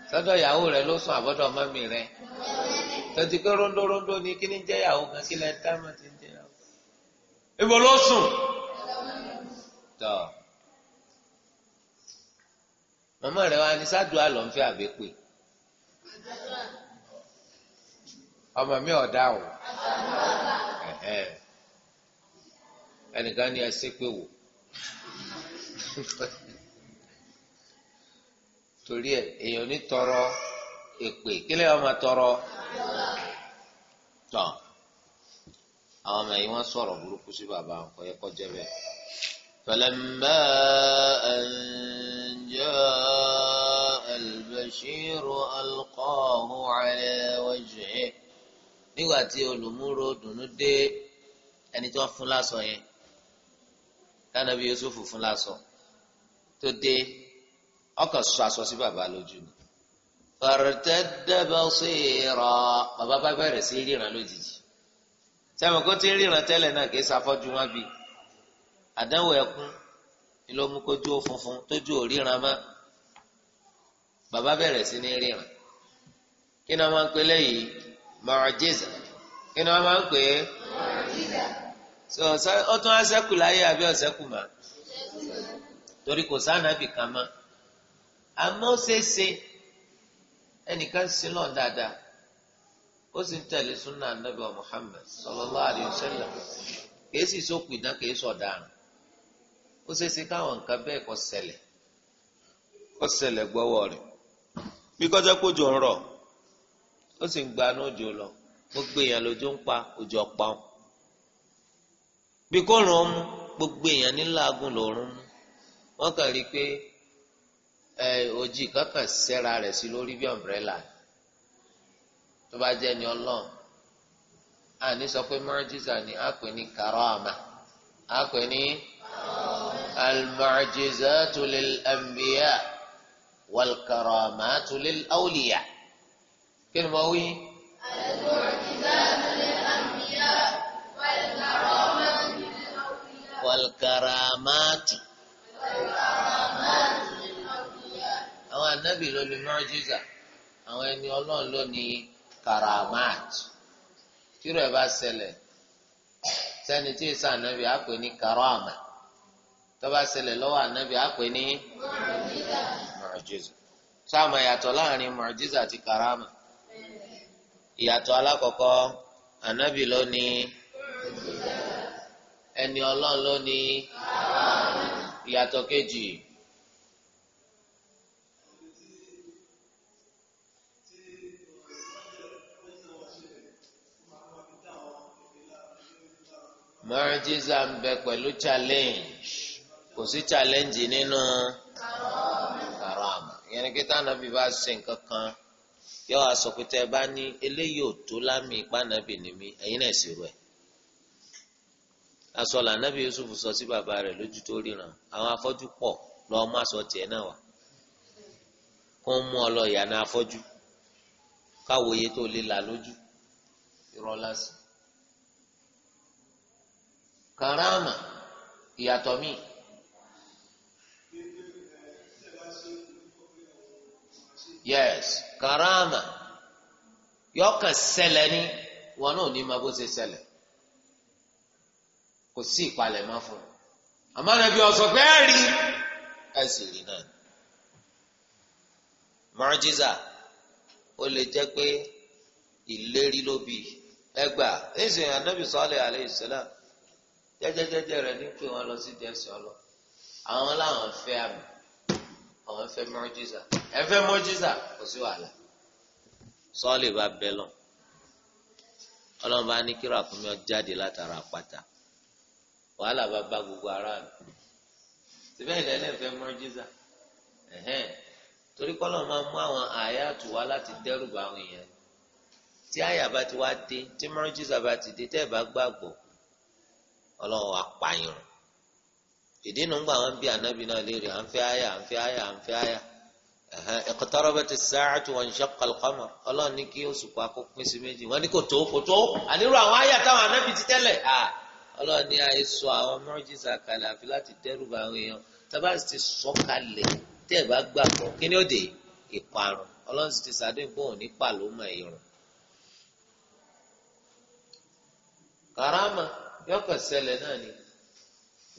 Speaker 1: sọ́dọ̀ ìyàwó rẹ ló sùn àbọ̀dọ̀ mami rẹ tọ́tí pé rondórondó ni kí ni jẹ́ ìyàwó kan kí lẹ́ẹ̀ dá mọ́ ti ń jẹ́ ìyàwó. ibo ló sùn màmá rẹ wá ní sádùá lọ ń fẹ́ àbẹpè ọmọ mi ọdá o ẹnìkan ni ẹ ṣépè wò torí ẹ èèyàn ní tọrọ èpè kílẹ̀ ọmọ tọrọ tán àwọn ọmọ yìí wọ́n sọ̀rọ̀ burúkú sí bàbá nǹkan yẹ kọjá bẹ́ẹ̀. فلما أن جاء البشير ألقاه على وجهه nígbà tí olùmúrò dùnú dé ẹni tó fún láṣọ yẹn lánàbí Yusuf fún láṣọ tó dé ọkàn sọ aṣọ sí bàbá lójú ni. fartadda basira bàbá bá bẹ̀rẹ̀ sí ríran lójijì sẹ́wọ̀n kó tí ń ríran tẹ́lẹ̀ náà kì í ṣàfọ́jú wọn bí àdánwò ẹkún ló mú kójú funfun tójú ò ríran mọ́ bàbá bẹ̀rẹ̀ sí ní ríran kí ni wọ́n máa ń pè léyìí mọ̀ọ́jísà kí ni wọ́n máa ń pè é mọ̀ọ́jísà so ó tún á sẹ́kù láyé àbí ọ̀sẹ́kù mà torí kò sánàbì kan mọ́ àmọ́ ṣeéṣe ẹnìkan sí náà dáadáa ó sì ń tẹ̀lé súnà nàbẹ̀ kìí sì kìí ó ṣeéṣe káwọn nǹkan bẹ́ẹ̀ kó ṣẹlẹ̀ kó ṣẹlẹ̀ gbọ́wọ́ rẹ̀ bí kọjá kójò ń rọ̀ ó sì ń gbaná òjò lọ gbogbo èèyàn lójú ń pa òjò pa ọ́n bí kò rán mú gbogbo èèyàn ní làágùn lòórùn mú wọ́n kàn rí i pé òjì kankan sẹ́ra rẹ̀ sí lórí bí ọ̀mbrẹ́là tó bá jẹ́ ni ọlọ́run àní sọ pé mọ́rẹ́jísà ni a pè ní karama a pè ní. المعجزات للأنبياء والكرامات للأولياء كلمة وي المعجزات
Speaker 2: للأنبياء والكرامات
Speaker 1: للأولياء والكرامات والكرامات للأولياء أو النبي له المعجزة أو أن يقولون له كرامات تيرو بس سنتي سنة بيأكل كرامات tọ́ba ṣẹlẹ̀ lọ́wọ́ ànábì á pè ní mọ̀ọ́jíza sáàmù ìyàtọ̀ láàrin mọ̀ọ́jíza àti karama ìyàtọ̀ alákọ̀ọ́kọ́ ànábì ló ní ẹni ọlọ́run ló ní ìyàtọ̀ kejì. mọ̀ọ́jíza ń bẹ pẹ̀lú challenge kò sí challenge nínú haram ìyẹn ni kíkà nàbì bá ṣe nǹkan kan yọ àsọkùtẹ bá ní eléyìí ò tó lámì ipá nàbì ni mí ẹ̀yin náà sì rú ẹ asọlà nàbì Yusuf sọ sí bàbá rẹ̀ lójú tó ríran àwọn afọ́jú pọ̀ lọ mú aṣọ tiẹ̀ náà wá kó mú ọ lọ yàrá afọ́jú káwòye tó lè là lójú irọ́ lásì karama ìyàtọ̀ míì. yes karama yọkàn ṣẹlẹ̀ ni wọn náà ní ma bó ṣe ṣẹlẹ̀ kò sí ìpalẹ̀ má fún un àmọ́ nàbí ọ̀sọ̀ pé ẹ rí ẹ sì rí náà mọ́jísà ó lè jẹ́ pé ìlérí ló bí ẹgbà ẹsẹ̀ anábì sọ́ọ́lẹ̀ alayhi salam jẹ́jẹ́jẹ́jẹ́ rẹ̀ ní pé wọ́n lọ sí jẹ́sí ọlọ àwọn làwọn fẹ́ àmì ọ̀hún fẹ́ mọ́jísà ẹ fẹ́ mọ́jísà kò sí wàhálà sọ́ọ̀lì bá bẹ́ lọ ọlọ́run bá ní kíra fún mi ọ jáde látara àpáta wàhálà bá bá gbogbo ara mi síbẹ̀ ilẹ̀ ẹ̀ fẹ́ mọ́jísà ẹ̀hẹ́n torí kọ́lọ́ máa mú àwọn àyà tù wá láti dẹ́rùbà àwọn èèyàn tí àyà bá ti wá dé tí mọ́jísà bá ti dé tẹ́ ẹ̀ bá gbàgbọ́ ọlọ́run apààyàn ìdí nu ń gbà wọn bí anabi náà léèrè à ń fẹ́ àyà à ń fẹ́ àyà à ń fẹ́ àyà iqtarabati as-sa'atu wa inshaqa al-qamar ọlọ́run ní kí oṣù pa kó pín sí méjì wọ́n ní kò tó kò tó àníru àwọn àyà táwọn anábì ti tẹ́lẹ̀ ọlọ́run ní àyè sọ àwọn mọ́jísà kalẹ̀ àfi láti dẹ́rùbà àwọn èèyàn tábà sì ti sọ kalẹ̀ tẹ́ bá gbàgbọ́ kí ni ó dé ìparun ọlọ́run sì ti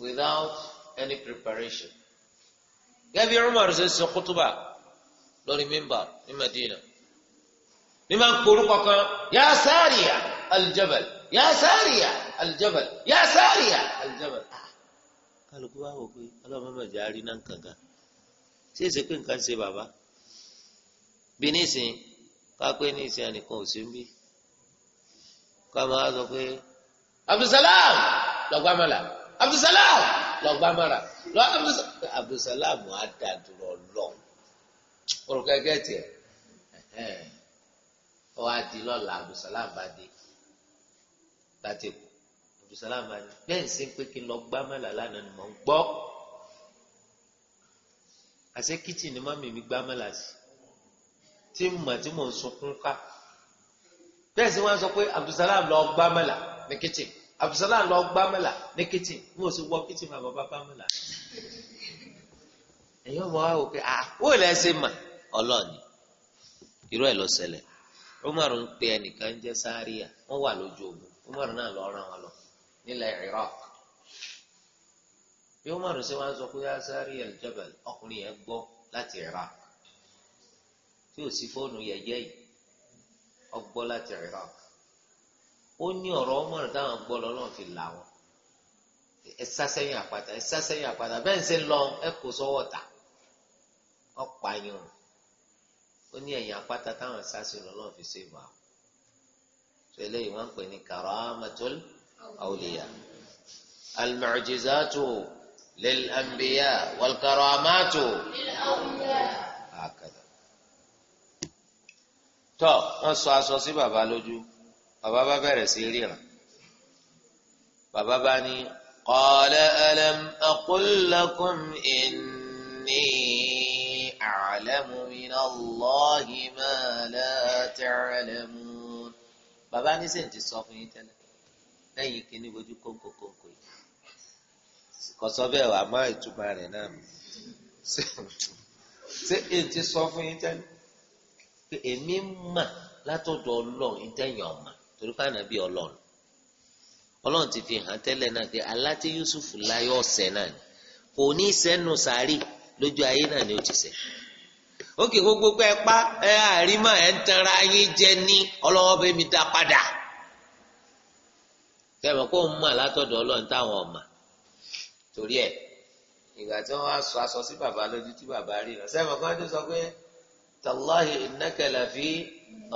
Speaker 1: without any preparation. gẹ́gẹ́ bí Umar ṣe sọ kútúbà lórí mímbà ní Madina ní máa ń korúkọ kan yá sáàrìyà aljabal yá sáàrìyà aljabal yá sáàrìyà aljabal. Ah, kálukú wá wò pé ọlọ́run mọ̀mọ́ ìjà rí náà kankan ṣé èsì pé nǹkan ṣe bàbá bí nísìnyí ká pé nísìnyí ẹnìkan ò sí ń bí ká máa sọ pé Abdulsalam lọ́gbàmọ́là abdulsalam lọ gbá mara lọ abdulsalam á dà dúró lọ orúkọ ẹgẹ tiẹ ọ wá di lọla abdulsalam bá dé láti kú abdulsalam bá dé bẹ́ẹ̀ ṣe ń pé kí n lọ gbá mara lánàá ni mò ń gbọ́ àṣẹ kíchìn ni mọ́mì mi gbá mara sí tí mọ̀ tí mò ń sunkún ká bẹ́ẹ̀ sì wọ́n sọ pé abdulsalam lọ gbá ní kíchìn. Abdulsalam lọ gbá mẹ́la ní kitchen bí mo sì wọ kitchen máa bàbá bá mẹ́la. ẹ̀yin ọmọ wa wò pé ah wọ́n lẹ́ ṣe mà ọlọ́ọ̀ni irú ẹ̀ ló ṣẹlẹ̀ Umar ń pe ẹnìkan jẹ́ sáríà wọ́n wà lójú ogun Umar náà lọ ràn wọn lọ nílẹ̀ Iraq bí Umar ṣe wá ń sọ pé sáríà al ọkùnrin yẹn gbọ́ láti Iraq tí ò sí fóònù yẹyẹ yìí ọgbọ́ láti Iraq ó ní ọ̀rọ̀ ọmọ rẹ̀ táwọn gbọ́ lọ́lọ́run fi là wọn ẹ sásẹ́yìn àpáta ẹ sásẹ́yìn àpáta bẹ́ẹ̀ ń ṣe lọ ẹ kò sọ́wọ́ ta ọ̀pá yẹn ó ní ẹ̀yìn àpáta táwọn sásẹ́ lọ́lọ́run fi ṣe wà ṣe eléyìí wọ́n ń pè ní karamatul awliya al-mu'jizatu lil anbiya wal karamatu lil tọ́ wọ́n sọ aṣọ sí bàbá lójú bàbá bá bẹ̀rẹ̀ sí ríran bàbá bá ní qala alam aqul lakum inni a'lamu minallahi ma la ta'lamun bàbá ní sèǹtì sọ fún yín tẹ́lẹ̀ lẹ́yìn kí ní bojú kónkó kónkó yìí kò sọ bẹ́ẹ̀ wà má ìtumọ̀ rẹ̀ náà mi ṣé èyí ti sọ fún yín tẹ́lẹ̀ pé èmi mà látọ̀dọ̀ ọlọ́run ìtẹ̀yìn ọ̀mà torí pé ànábì ọlọ́run ọlọ́run ti fi hàn tẹ́lẹ̀ náà pé aláti Yusuf láyọ̀ ọ̀sẹ̀ náà ni kò ní sẹ́nu sáré lójú ayé náà ni ó ti sẹ́ òkè gbogbo pé ẹ pa ẹ àrímà ẹ ń tanra yín jẹ ní ọlọ́wọ́ bẹ́ẹ̀ mi dá padà kẹmọ kó ń mọ àlátọ̀dọ̀ ọlọ́run táwọn ọ̀mà torí ẹ̀ ìgbà tí wọ́n wá sọ aṣọ sí bàbá lójú tí bàbá rí lọ sẹmọ kan tó sọ pé tàláhì ìnákẹlẹ fi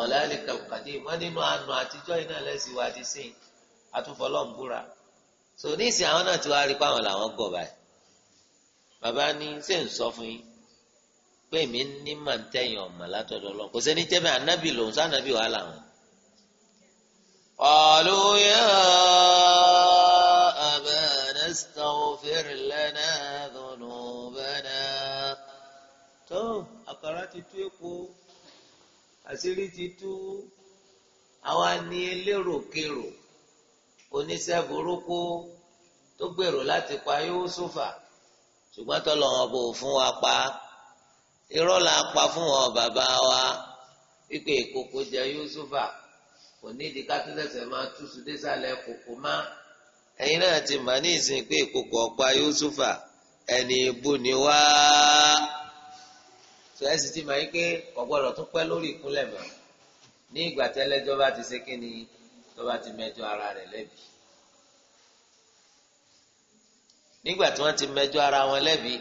Speaker 1: ọ̀làlẹ̀ kàlùkàdé wọ́n nínú àánú àtijọ́ iná lẹ́sìn wa ti sìn àtúfọlọ́ ń búra so níìsín àwọn náà ti wá rí páwọn làwọn gọ̀ báyìí bàbá ní ṣé ń sọ fún yín pé èmi ní màá tẹ̀yìn ọ̀mà látọ̀dọ̀ lọ kò sẹ́ni tẹ́bẹ̀ ànábì lòun sànábì wà láwọn. ọ̀lú yá abana astaghfir lana dhunubana tó àkàrà ti tú èkó àṣírí ti tú àwa ni eléròkèrò oníṣẹ́ burúkú tó gbèrò láti pa Yusufa ṣùgbọ́n tọ́lọ̀ wọn fún wa pa irọ́ la pa fún wọn bàbá wa wípé ìkòkò jẹ Yusufa kò nídìí ká tún lẹ́sẹ̀ máa túṣu désàlẹ̀ kòkó má ẹ̀yin náà ti mà ní ìsìn pé ìkòkò ọ̀pá Yusufa ẹni ibú ni wá so ẹ sì ti mọ̀ yí pé kò gbọ́dọ̀ tún pẹ́ lórí ìkúnlẹ̀ mọ́ ní ìgbà tẹ́lẹ́jọ́ bá ti ṣe kí ni tó bá ti mẹjọ ara rẹ̀ lẹ́bi nígbà tí wọ́n ti mẹjọ ara wọn lẹ́bi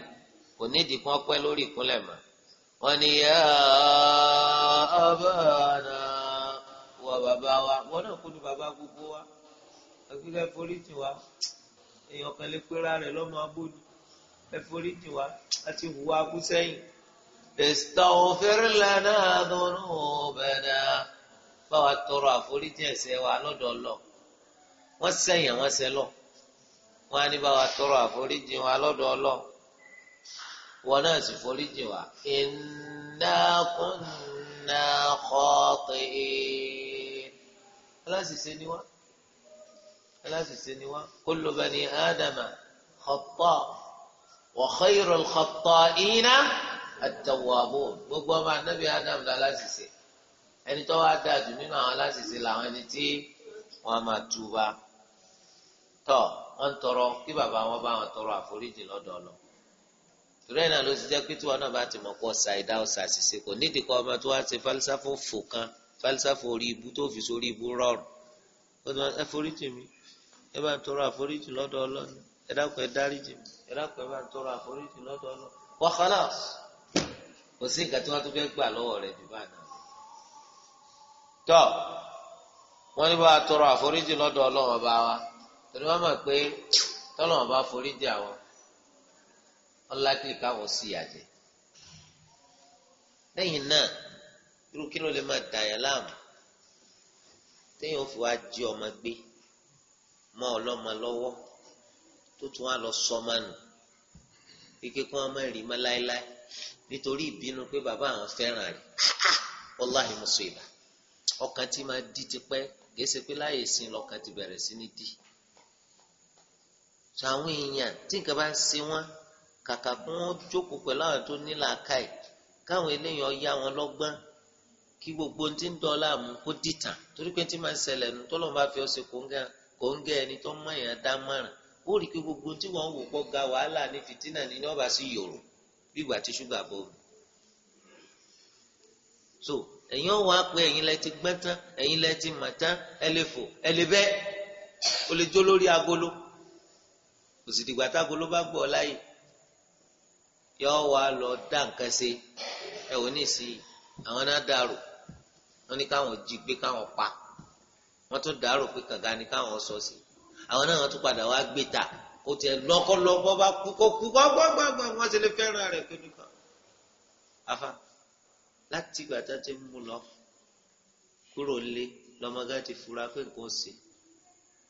Speaker 1: kò nídìí kí pẹ́ lórí ìkúnlẹ̀ mọ́ wọ́n ní yá abáàna wọ bàbá wa wọ́n náà kú ní bàbá gbogbo wa ẹgbẹ́ forí tì wá èèyàn kan lè pera rẹ̀ lọ́mọ abóni ẹ forí tì àti hùwà abúsẹ́yìn. استغفر لنا ذنوبنا báwa tọrọ àforíjì ẹ̀ṣẹ̀ wa lọ́dọ̀ Ọlọ́run wọ́n sẹ́yìn àwọn ẹ̀ṣẹ̀ lọ wọ́n á ní báwa tọrọ àforíjì wa lọ́dọ̀ Ọlọ́run wọ́n náà sì foríjì wa inna kunna khati'in aláṣìṣe ni wá aláṣìṣe ni wá kullu bani adama khata wa khayrul khata'ina at-tawwabun gbogbo ọmọ anábì adam la láṣìṣe ẹni tó wá dáa jù nínú àwọn aláṣìṣe làwọn ẹni tí wọ́n máa túba tọ wọ́n ń tọrọ kí bàbá wọn bá wọn tọrọ àforíjì lọ́dọ̀ ọlọ torí ẹ̀ náà ló ti jẹ́ pé tí wọn náà bá ti mọ̀ pọ̀ ṣà ìdá ọ̀ṣà àṣìṣe kò nídìí kọ́ ọmọ tó wá ṣe fálísáfò fò kan fálísáfò orí ibu tó fi sórí ibu rọrùn ó ti máa ẹ mi ẹ bá ń tọrọ àforíjì lọ́dọ̀ ọlọ́run ẹ dákun ẹ dáríjì mi ẹ dákun ẹ bá ń tọrọ àforíjì lọ́dọ̀ ọlọ́run wa khalas kò sí nǹkan tí wọ́n tún fẹ́ gbà lọ́wọ́ rẹ̀ jù báyìí náà. tọ́ wọ́n ní bá a tọrọ àforíjì lọ́dọ̀ ọlọ́wọ́n bá wa torí wọ́n mọ̀ pé tọ́lọ́wọ́n bá foríjì àwọn ọlákìlì káwọn sì yàjẹ́. lẹ́yìn náà irú kí ló lè máa dàyàn láàmú téèyàn fi wá jí ọmọ gbé mọ́ ọlọ́mọ lọ́wọ́ tó tún wá lọ sọ ọmọ nù kíkẹ́ kí wọ́n má rí mọ́ láéláé nítorí ìbínú pé bàbá àwọn fẹ́ràn rẹ̀ wàláhì mùsùlùmí ọkàn tí máa di tipẹ́ kìí ṣe pé láyè sin lọ́kàn ti bẹ̀rẹ̀ sí ní di. sọ àwọn èèyàn tí nǹkan bá ń ṣe wọ́n kàkà kí wọ́n jókòó pẹ̀lú àwọn tó ní làákàyè káwọn eléyàn yá wọn lọ́gbọ́n kí gbogbo ti ń dọ́ọ́lá mú kó dìtàn torí pé tí máa ń ṣẹlẹ̀ nu tọ́lọ́ bá fi ọ̀sẹ̀ kò ẹni tó mọ̀ èèyàn dá mọ̀ràn ó rí i pé gbogbo tí wọ́n wò pọ̀ ga wàhálà ní fìtínà ní ní sí yòrò bí tí ṣúgà bò ó so ẹ̀yin wàá pé ẹ̀yin lẹ ti gbọ́n tán ẹ̀yin lẹ ti mọ̀ tán ẹ lè fò ẹ lè bẹ́ o lè jó lórí agolo kò sì dìgbà tágolo bá gbọ́ láyè yọ wá lọ dá nǹkan ṣe ẹ ò ní sí àwọn náà dàrú wọn ní káwọn jí gbé káwọn pa wọn tún dàrú pé kànga ni káwọn sọ sí àwọn náà wọn tún padà wá gbé ta kò tiẹ̀ lọ́kọ́lọ́kọ́ bá kú kó kú gbọ́gbọ́gbọ́ wọ́n ti lè fẹ́ràn rẹ̀ pé nìkan. afa láti ìgbà tá a ti mú lọ kúrò lé lọmọgá ti fura pé nǹkan ṣe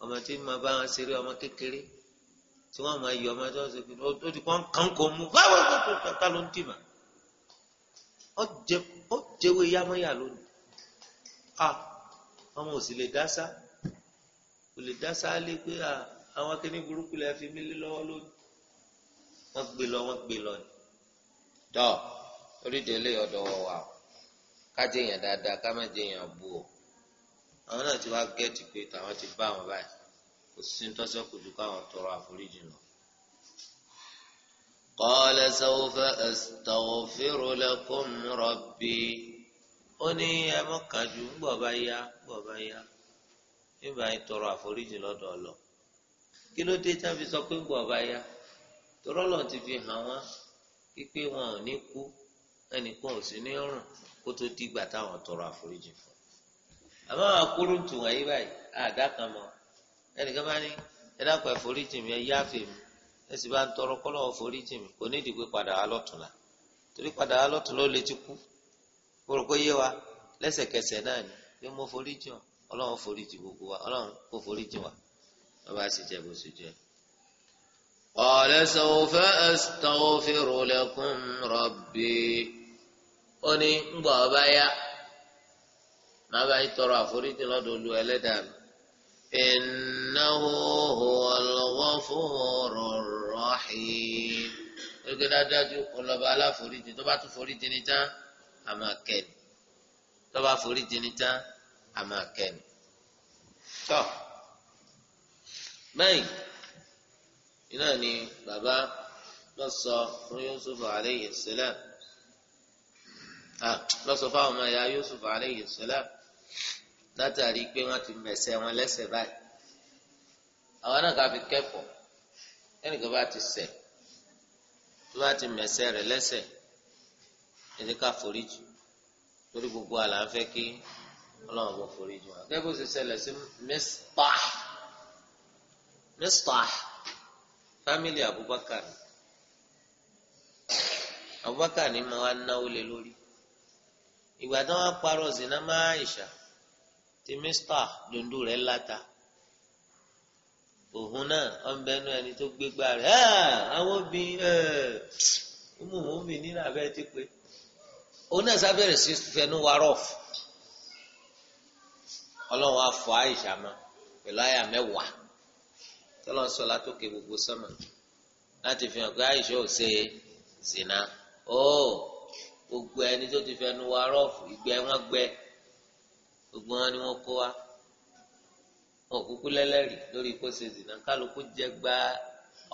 Speaker 1: ọmọ tí ma bá wọn ṣeré ọmọ kékeré tí wọn máa yọ ọmọ tí wọn ṣe fi ó ti kọ́ kàn kó mú báwo ló tó kàkà ló ń dì mà ó jẹwé yámọ́yà lónìí a ọmọ ò sì lè dá sá ò lè dá sá lé pé a àwọn akíní burúkú lẹ fi mí lé lọ́wọ́ lónìí wọ́n gbé lọ wọ́n gbé lọ ni. tọ́ oríṣi ilé ọ̀dọ̀ wọ̀ wá o ká dáadáa ká má jẹ́ èèyàn bú o àwọn náà ti wá gẹ́ẹ̀tì pé tàwọn ti bá àwọn báyìí kò sí tọ́sẹ̀ kò ju káwọn tọrọ àforíjì lọ. قال سوف أستغفر لكم ربي ó ní ẹ mọ́kànjú ń gbọ̀ bá yá gbọ̀ bá yá nígbà kí ló dé tí wọ́n fi sọ pé ń bọ̀ ọba ya tọ́lọ́lọ́ ti fi hàn wọ́n pípé wọn ò ní kú ẹnìkan ò sí ní ọ̀run kó tó dìgbà táwọn tọrọ àforíjì fún àmọ́ àwọn akóró tù wọ́n yí báyìí àdàkàn mọ́ ẹnìkan bá ní ẹ dákun ẹ foríjì mi ẹ yáàfẹ́ mi ẹ bá ń tọrọ kọ́ lọ́wọ́ foríjì mi kò ní ìdìgbé padà wá lọ́tùnla torí padà wá lọ́tùnla ó lè ti kú mo rò pé yé wa lẹ́sẹ̀kẹsẹ̀ náà ni pé mo foríjì ọ ọlọ́run foríjì gbogbo wa ọlọ́run kò foríjì wa ọba sì jẹ bó sì jẹ. qala sawfa astaghfiru lakum rabbi ó ní ngbà ọba yá máa bá yín tọrọ àforíjì lọ́dọ̀ Olúwa ẹlẹ́dàá mi. innahu huwal ghafurur rahim gbẹgbẹ dájú ọlọba aláforíjì tó bá tún foríjì ní tán a máa kẹ́ni tó bá foríjì ní tán a máa kẹ́ni. tọ́ báyìí iná ni bàbá lọ sọ fún Yusuf aleyhi salam lọ sọ fáwọn ọmọ ẹ̀yà Yusuf aleyhi salam látàrí pé wọ́n ti mẹ̀sẹ̀ wọn lẹ́sẹ̀ báyìí àwọn náà ká fi kẹ́kọ̀ọ́ ẹnìkan bá ti ṣẹ̀ tó bá ti mẹ̀sẹ̀ rẹ̀ lẹ́sẹ̀ ẹni ká foríjì torí gbogbo àlàáfẹ́ kí Ọlọ́run bó foríjì wọn. akẹ́kọ̀ọ́ sì ṣẹlẹ̀ sí Mr. Mistah fámìlì Abubakar Abubakar ni mo wá náwó lé lórí ìgbà tí wọ́n parọ́ zina Aisha ti Mistah dundun rẹ̀ láta òhun náà ọ̀nbẹ́nu ẹni tó gbégbá rẹ̀ àwọn obìnrin ọmọ òun mi nínú abẹ́ ti pé òun náà sábẹ̀rẹ̀ sí fẹnu wa rọ̀f ọlọ́run á fọ Aisha mọ́ pẹ̀lú àyà mẹ́wàá. tọ́lọ́ sọ látòkè gbogbo sọ́mà láti fi hàn pé àìsàn ò ṣe zina ó gbogbo ẹni tó ti fẹnu wa rọ́ọ̀fù ìgbẹ́ wọn gbẹ gbogbo wọn ni wọ́n kó wa wọn ò kúkú lẹ́lẹ́rìí lórí kó ṣe zina kálukú jẹ gba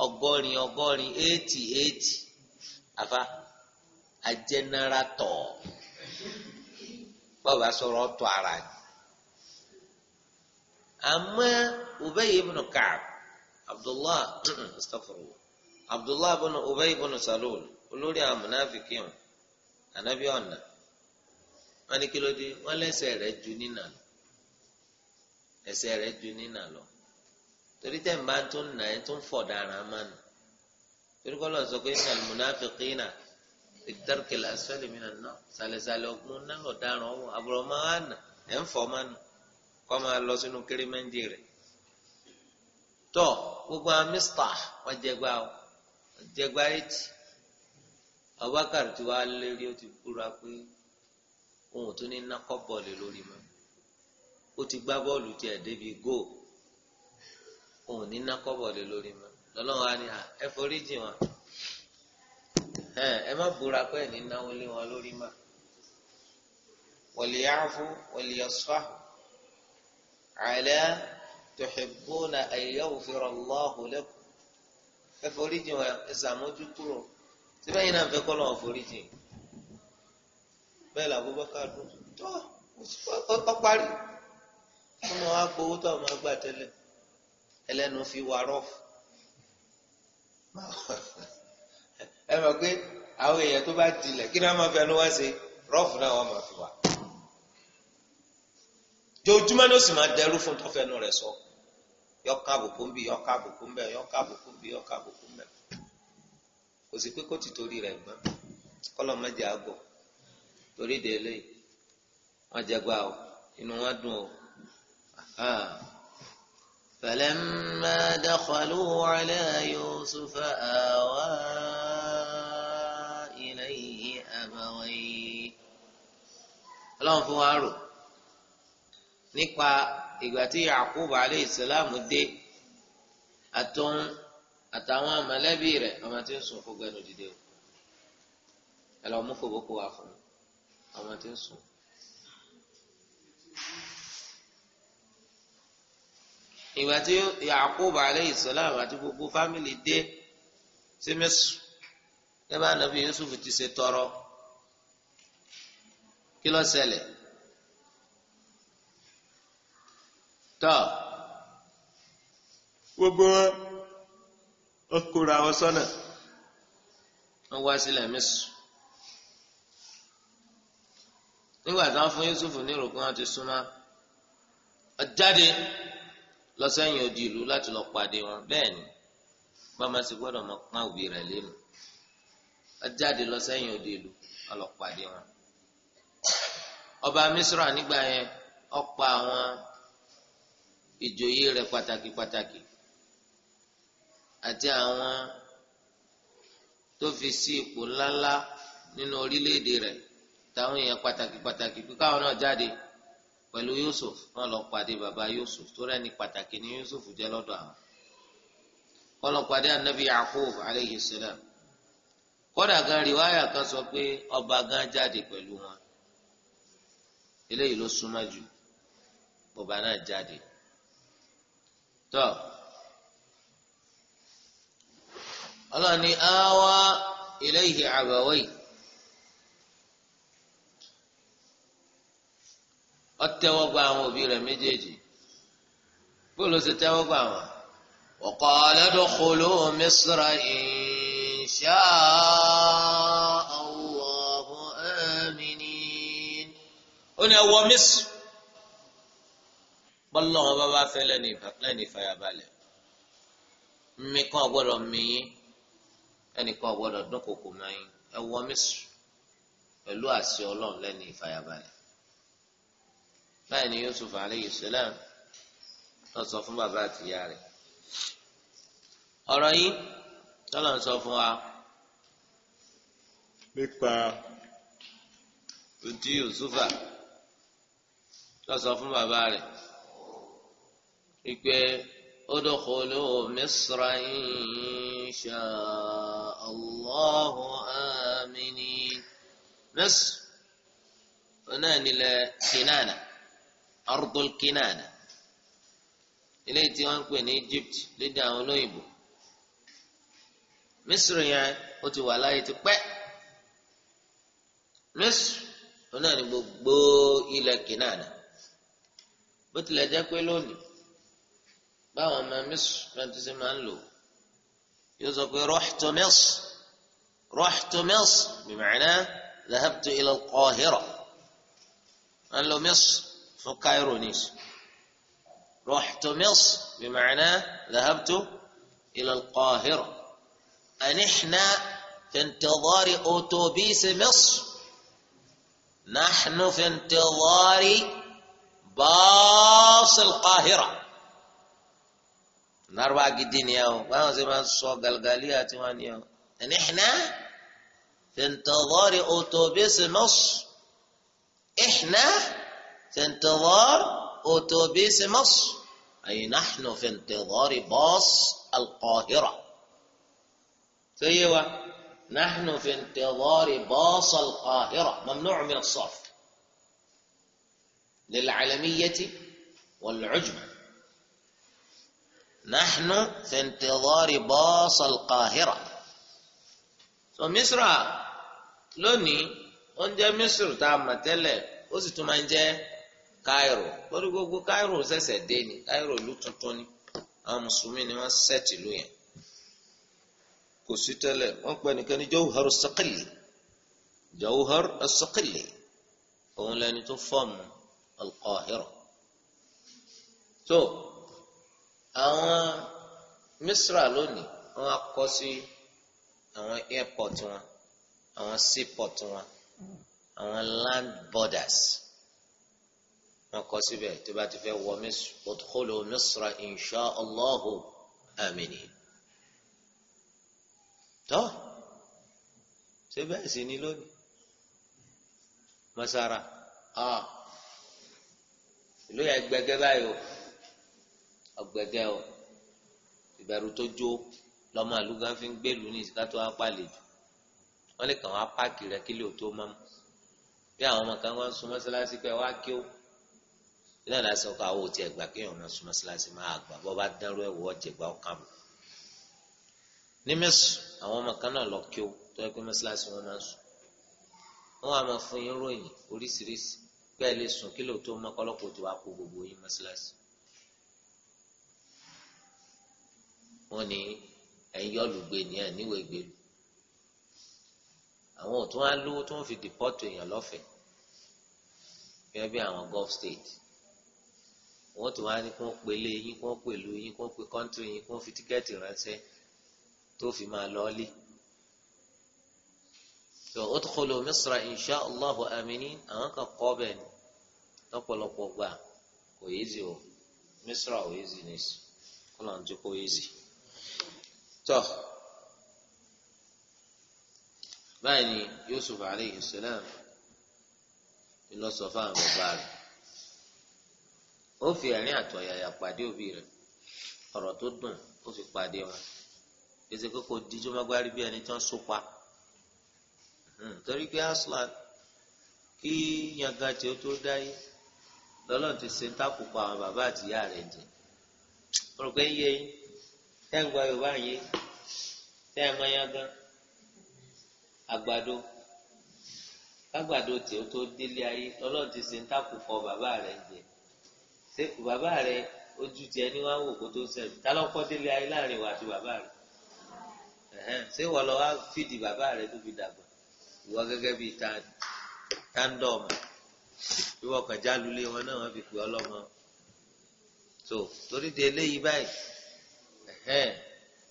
Speaker 1: ọgọ́rin ọgọ́rin eighty eighty àfa ajẹnaratọ̀ bọ́ọ̀bù asọ̀rọ̀ ọ̀tọ̀ ara ni àmọ́ Ubay ibn Ka'b abdullah astaghfirullah abdullah bin ubay بن salul olórí àwọn munafiki hàn anabi ọ̀nà wọn ní kí ló dé wọn lẹ́sẹ̀ rẹ̀ ju nínà lọ ẹsẹ̀ rẹ̀ ju nínà lọ torí tẹ̀ ń bá tó nà ẹ́ tó ń fọ̀ dára mánu torí kọ́ lọ́ọ́ sọ pé innal munafiqina ìdárúkẹ́ làásùwẹ̀lì mìíràn náà sàlẹ̀sàlẹ̀ ọgbọ́n náà lọ́ọ́ dára ọ̀hún àbúrò máa wà nà ẹ̀ ń fọ̀ mánu kọ́ máa lọ sínú kérémẹ́ndì rẹ̀ tọ́ gbogbo àwọn mista wọn jẹgba o jẹgba eti Abubakar tí wàá lérí ó ti búra pé ohun tó ní nakọ bọ́ọ̀lù lórí mọ ó ti gbá bọ́ọ̀lù tiẹ̀ débi góò òun ní nákọ́ bọ̀lẹ̀ lórí mọ́ lọ́lọ́run á ní à ẹ foríjì wọn ẹ má búra pé ní náwó lé wọn lórí mọ́ wọ̀lẹ̀ yáfú wọ̀lẹ̀ yasfahu ala tuhibbuna an yaghfira Allahu lakum ẹ foríjì wọn ẹ sàmójú kúrò síbẹ̀ yìí náà fẹ́ kọ́ lọ́wọ́ foríjì bẹ́ẹ̀ làbúbọ́kà dùn tó ọ parí ọmọ wa gbowó tó ọmọ gbà tẹ́lẹ̀ ẹlẹ́nu fi wà rọ́ọ̀fù ẹ mọ̀ pé àwọn èèyàn tó bá dilẹ̀ kí náà máa fi ẹnu wá ṣe rọ́ọ̀fù náà wọ́n máa fi wà jojúmọ́ máa dẹrú fún tọ́fẹ́nu rẹ̀ sọ. So yọka àbùkù ń bì yọka àbùkù ń bẹ yọka àbùkù ń bì yọka àbùkù ń bẹ kò sí pé kó ti torí rẹ̀ gbọ́n kọlọ mẹjẹ àgọ torí de eléyìí wọ́n jẹgba o inú wọn dùn o. فلما دخلوا على يوسف آوى إليه أبويه ọlọ́run fún wa rò nípa ìgbà tí Yakub alayhi salam dé àtọ́n àtàwọn mọ̀lẹ́bí rẹ̀ ọmọ tí ń sùn kó gbẹnu dìde o ẹ lọ mú kòbókò wá fún ọmọ tí ń sùn. ìgbà tí Yakub alayhi salam àti gbogbo fámìlì dé sí Misr ẹ bá nàbí Yusuf ti ṣe tọrọ kí ló ṣẹlẹ̀. tọ́ gbogbo wọn wọn kóra wọn sọ́nà wọn wá sílẹ̀ mẹ́sù nígbà táwọn fún Yusuf ní ìròkùn àti súnmọ́ ọjáde lọ sẹ́yìn odi ìlú láti lọ pàdé wọn bẹ́ẹ̀ ni bàmá sì gbọ́dọ̀ mọ pọn òbí rẹ̀ lẹ́nu ọjáde lọ odi ìlú ọlọ pàdé wọn ọba Misra nígbà yẹn ọ̀pọ̀ àwọn ìjòyè rẹ̀ pàtàkì pàtàkì àti àwọn tó fi sí ipò ńláńlá nínú orílẹ̀-èdè rẹ̀ táwọn èèyàn pàtàkì pàtàkì pé káwọn náà jáde pẹ̀lú Yusuf wọn lọ pàdé baba Yusuf tó rẹ́ni pàtàkì ní Yusuf jẹ́ lọ́dọ̀ àwọn wọn lọ pàdé anabi Yaqub aleyhi salam kódà gan riwaya kan sọ pé ọba gan jáde pẹ̀lú wọn eléyìí ló súnmọ́ jù bọ̀bá náà jáde tọ́ ọlọ́ni awa ilayhi àbáwẹ́yì ọtẹ́wọ́gbà àwọn òbí rẹ̀ méjèèjì bóòlù sì tẹ́wọ́gbà àwọn wa qala dukhulu misra in sha'a Allahu aminin ó ní ẹ wọ bọ́lọ́wọ́ bá bá fẹ́ lẹ́ni ìfàyàbalẹ̀ mímí kan gbọ́dọ̀ míyín ẹnìkan gbọ́dọ̀ dúnkòkò mọ́ yín ẹ wọ mísù pẹ̀lú àṣẹ ọlọ́run lẹ́ni ìfàyàbalẹ̀ báyìí ni Yusuf aleyhi salam lọ sọ fún bàbá àtìyá rẹ̀ ọ̀rọ̀ yìí tọ́lọ̀ ń sọ fún wa nípa ojú Yusufa lọ sọ fún bàbá rẹ̀ ìpè udkhulu misra insha Allahu aminin Misr náà nílẹ̀ Kinana ardul Kinana ilé tí wọ́n ń pè ní Egypt lédè àwọn olóyìnbó Misr yẹn ó ti wà láyé ti pẹ́ Misr náà ní ilẹ̀ Kinana bó tilẹ̀ jẹ́ pé lónìí. báwọn ọmọ Misr náà ti ṣe máa ń lò yóò sọ pé rọ́ḥtu Misr rọ́ḥtu Misr bìmọ̀ọ́nà zahabtu ila al-Qahira máa ń lo Misr fún Cairo news رحت مصر بمعنى ذهبت إلى القاهرة أنحن في انتظار أوتوبيس مصر نحن في انتظار باص القاهرة narwa gidi ni ẹ o báwọn ṣe máa ń sọ gàlgàlì àti wọn ni ẹ o ẹni ìhìnà tẹ̀ntẹ̀lọ́rì òtòbísì nọ́ọ̀sù ìhìnà tẹ̀ntẹ̀lọ́rì òtòbísì nọ́ọ̀sù àyè náà fẹ̀ntẹ̀lọ́rì bọ́ọ̀sì alkọ̀hírà tó yé wa náà fẹ̀ntẹ̀lọ́rì bọ́ọ̀sì alkọ̀hírà mamnu min sọf lilacalamiyyati wal cujma. نحن في انتظار باص القاهرة سو مصر لوني أنجا مصر تام تلي أوزي تمانجا كايرو بروغو كايرو زي سديني كايرو لوتو توني أنا ما ستي لوني كوسي تلي أوكباني كان جوهر الصقلي جوهر الصقلي أولاني تفهم القاهرة so, àwọn misra lónìí wọn á kọ́ sí àwọn airport wọn àwọn seaport wọn àwọn land borders wọn kọ́ síbẹ̀ tó bá ti fẹ́ wọ misra udkhulu misra insha allahu amini tọ́ ṣé bẹ́ẹ̀ sì ni lónìí masara ah ìlú yẹn gbẹgẹ báyìí o ọ̀gbẹ̀gẹ́ o ìbẹ̀rù tó jó lọ́mọ àlùgán fi ń gbèlú ní ìsìká tó wá pàlejò wọ́n lè kàn wá páàkì rẹ kí lè tó mọ́ bí àwọn ọmọ kan wọ́n sun mọ́ṣáláṣí pé wá kí ó ilé ìlàsí ọkọ̀ àwọn òtí ẹ̀gbà kéèyàn máa sun mọ́ṣáláṣí máa gbà bọ́ bá dánrú ẹ̀wọ̀ ọ̀jẹ̀gbà ọ̀kan bù ní mẹ́sùn àwọn ọmọ kan náà lọ kí ó tó yẹ pé wọn máa sùn wọ́n wá máa fún yín ròyìn oríṣiríṣi pé lè sùn kí lè tó tó wá kó wọn ní ẹ̀yìn olùgbé ni ẹ̀ níwèé gbé àwọn òtún á lówó tó ń fi dìpọ́tù èèyàn lọ́fẹ̀ẹ́ gẹ́gẹ́ bí àwọn Gulf state wọ́n ti wá ní kí wọ́n pe ilé yín kí wọ́n pe ìlú yín kí wọ́n pe kọ́ńtírì yín kí wọ́n fi tíkẹ́ẹ̀tì ránṣẹ́ tó fi máa lọ́ọ́lé. tó o tó kọlu Misra insha Allahu amini àwọn kan kọ́ bẹ́ẹ̀ ni lọ́pọ̀lọpọ̀ gbà kò yézì o Misra ò yézì ní sùn kó lọ́n ti kó tọ́ báyìí ni Yusuf aleyhi salam lọ sọ fún àwọn bàbá rẹ̀ ó fi ẹ̀rín àtọ̀yàyà pàdé òbí rẹ̀ ọ̀rọ̀ tó dùn ó fi pàdé wọn èsì kókò díjú mọ́gbárí bí ẹni tí wọ́n sopa hmm, torí pé aslan kí yanga ó tó dáyé lọ́lọ́run ti ṣe ń àwọn bàbá àtìyá rẹ̀ jẹ́ rò pé yẹ ẹ̀ ń gba Yorùbá yìí tẹ́ ẹ mọ́yángán agbado kágbàdo tí tó délé ayé ọlọ́run ti ṣe ń fọ bàbá rẹ̀ jẹ ṣé bàbá rẹ̀ ojú tiẹ̀ ní wọ́n wò kó tó sẹ́yìn ta délé ayé láàrin wa àti bàbá rẹ̀ ṣé wọ́n lọ wá fìdí bàbá rẹ̀ tó fi dàgbà ìwọ gẹ́gẹ́ bíi tándọ̀mù ìwọ kàn jálulẹ̀ wọn náà wọ́n fi pè ọlọ́mọ tó torí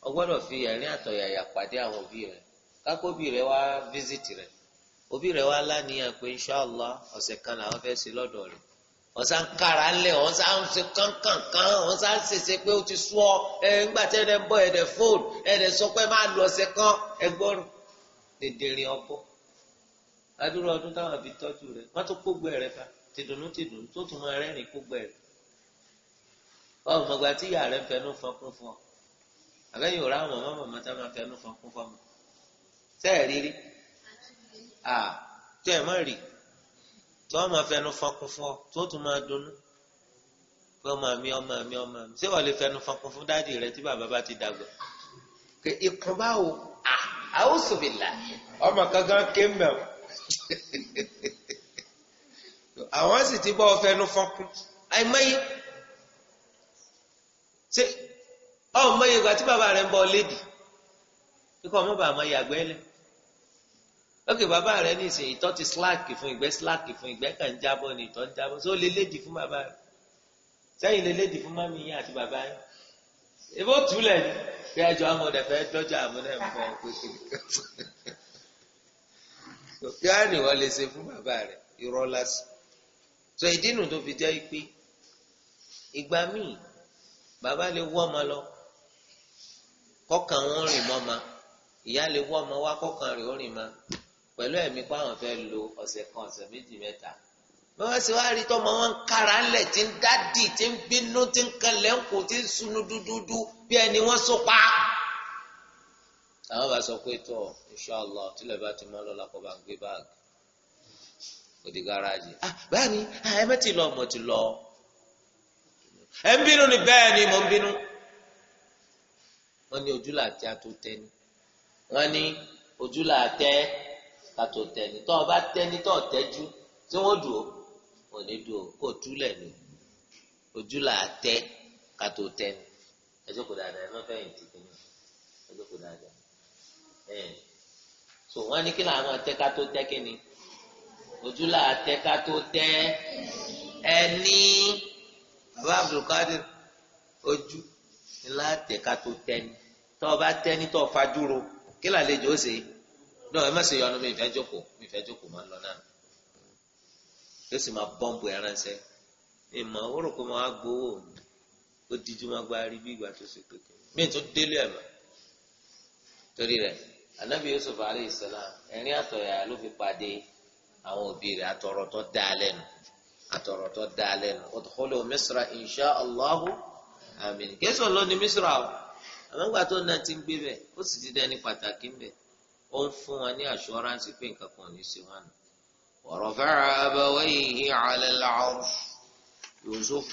Speaker 1: o gbọ́dọ̀ fi ẹ̀rín àtọ̀yàyà pàdé àwọn òbí rẹ kápóbì rẹ̀ wá fíṣítì rẹ̀ òbí rẹ̀ wá láníyàn pé inṣàlá ọ̀sẹ̀ kan làwọn fẹ́ ṣe lọ́dọ̀ rẹ̀ ọ̀sà ń kára lẹ̀ ọ̀sà ń ṣe kánkànkán ń ṣèṣe pé ẹ ńgbà ẹ fóònù sọ pé kan ẹ ọdún táwọn àbí wọ́n tó kó fa tìdùnnú tìdùnnú tó tún máa kó gbẹ tí àbẹ́yìn òrà àwọn màmá màmá tá máa fẹnu fọn kún fọmọ sẹ́ẹ̀ rírí à tó ẹ̀ má rí tó máa fẹnu fọn kún fún ọ tó tún máa dunnú pé ọmọ mi ọmọ mi ọmọ mi ṣé wàá lè fẹnu fọn kún fún dáàdì rẹ tí bàbá bá ti dàgbà kẹ ikùn báwo àwòsùnbìlà ọmọ kankan ké mẹ o àwọn sì ti bọ́ ọ fẹnu fọn àìmọye ṣé ọ̀hún mọ iye ìgbà tí bàbá rẹ̀ ń bọ léèdì kíkọ́ ọmọ bàbá yàgbẹ́ lẹ̀ ókè bàbá rẹ̀ ní ìsìn ìtọ́ ti síláàkì fún ìgbẹ́ síláàkì fún ìgbẹ́ kàn ń jábọ́ ní ìtọ́ ń jábọ́ só lè léèdì fún bàbá rẹ̀ sẹ́yìn lè léèdì fún mami yín àti bàbá yín ebó túlẹ̀ ni bí ẹjọ́ amọ̀dẹ̀ fẹ́ dọ́jà amọ̀dẹ̀ fọ́ kékeré kí á nìwọ lè ṣe fún bàbá rẹ̀ irọ́ lásì sọ ìdí nù tó fi jẹ́ pé ìgbà míì bàbá lè wọ́ ọmọ lọ kọ́kàn wọn rìn mọ́ ma ìyá lè wọ́ ọmọ wa kọ́kàn rìn ó rìn ma pẹ̀lú ẹ̀mí pé àwọn fẹ́ lo ọ̀sẹ̀ kan ọ̀sẹ̀ méjì mẹ́ta bí wọ́n sì wá rí tọ́mọ wọn kára ńlẹ̀ tí ń dádì tí ń bínú tí ń kanlẹ̀ ń kó tí ń sunu dúdúdú bí ẹni wọ́n so pa. àwọn bá sọ pé tọ inṣàlá tílẹ̀ bá ti mọ́ lọ́la kó bá ń gbé báàgì kò dé gáràjì. Ah, báyìí ah, ẹ mẹ́tì lọ mọ̀ ti lọ. ẹ ń bínú ni bẹ́ẹ̀ ni mò ń bínú wọ́n ní ojú làtẹ àtò tẹni wọ́n ní ojú làtẹ àtò tẹni tó o bá tẹni tó o tẹjú tí wọ́n dùn ó ò ní dùn ó kò túlẹ̀ ni ojú làtẹ àtò tẹni ẹjọ́ kò dáadáa ẹ má fẹ́yìn tì kí ni ẹjọ́ kò dáadáa ẹ̀ so wọ́n ní kí làwọn tẹ ká tó tẹ kí ni ojú làtẹ ká tó tẹ ẹni bàbá Abdulkadir ojú ńlá tẹ̀ka tó tẹ́ni tọ́ ọ bá tẹ́ni tọ́ ọ fajúro kí làlejò ó ṣe náà ẹ má ṣe yọnu mi ìfẹ́ jókòó mi ìfẹ́ jókòó máa ń lọ náà yóò sì máa bọ́ǹbù ẹ ránṣẹ́ ìmọ̀ ó rò pé mo á gbowó ó díjú máa gba rí bí ìgbà tó ṣe kékeré mí tó délé ẹ̀ mọ́ torí rẹ̀ anabi yusuf alayhi salam ẹ̀rín àtọ̀yà ló fi pàdé àwọn òbí rẹ̀ àtọ̀rọ̀ tó dáa lẹ́nu àtọ̀rọ̀ tó dáa lẹ́nu udkhulu misra allahu àmín kẹsàn án ló ní Mísírà o àwọn ìgbà tó náà ti ń gbé bẹ ó sì ti dẹni pàtàkì ń bẹ ó ń fún wọn ní àṣọránsì pé nǹkan kan ò ní ṣe wọn nù. wa rafa'a abawayhi 'ala al Yusuf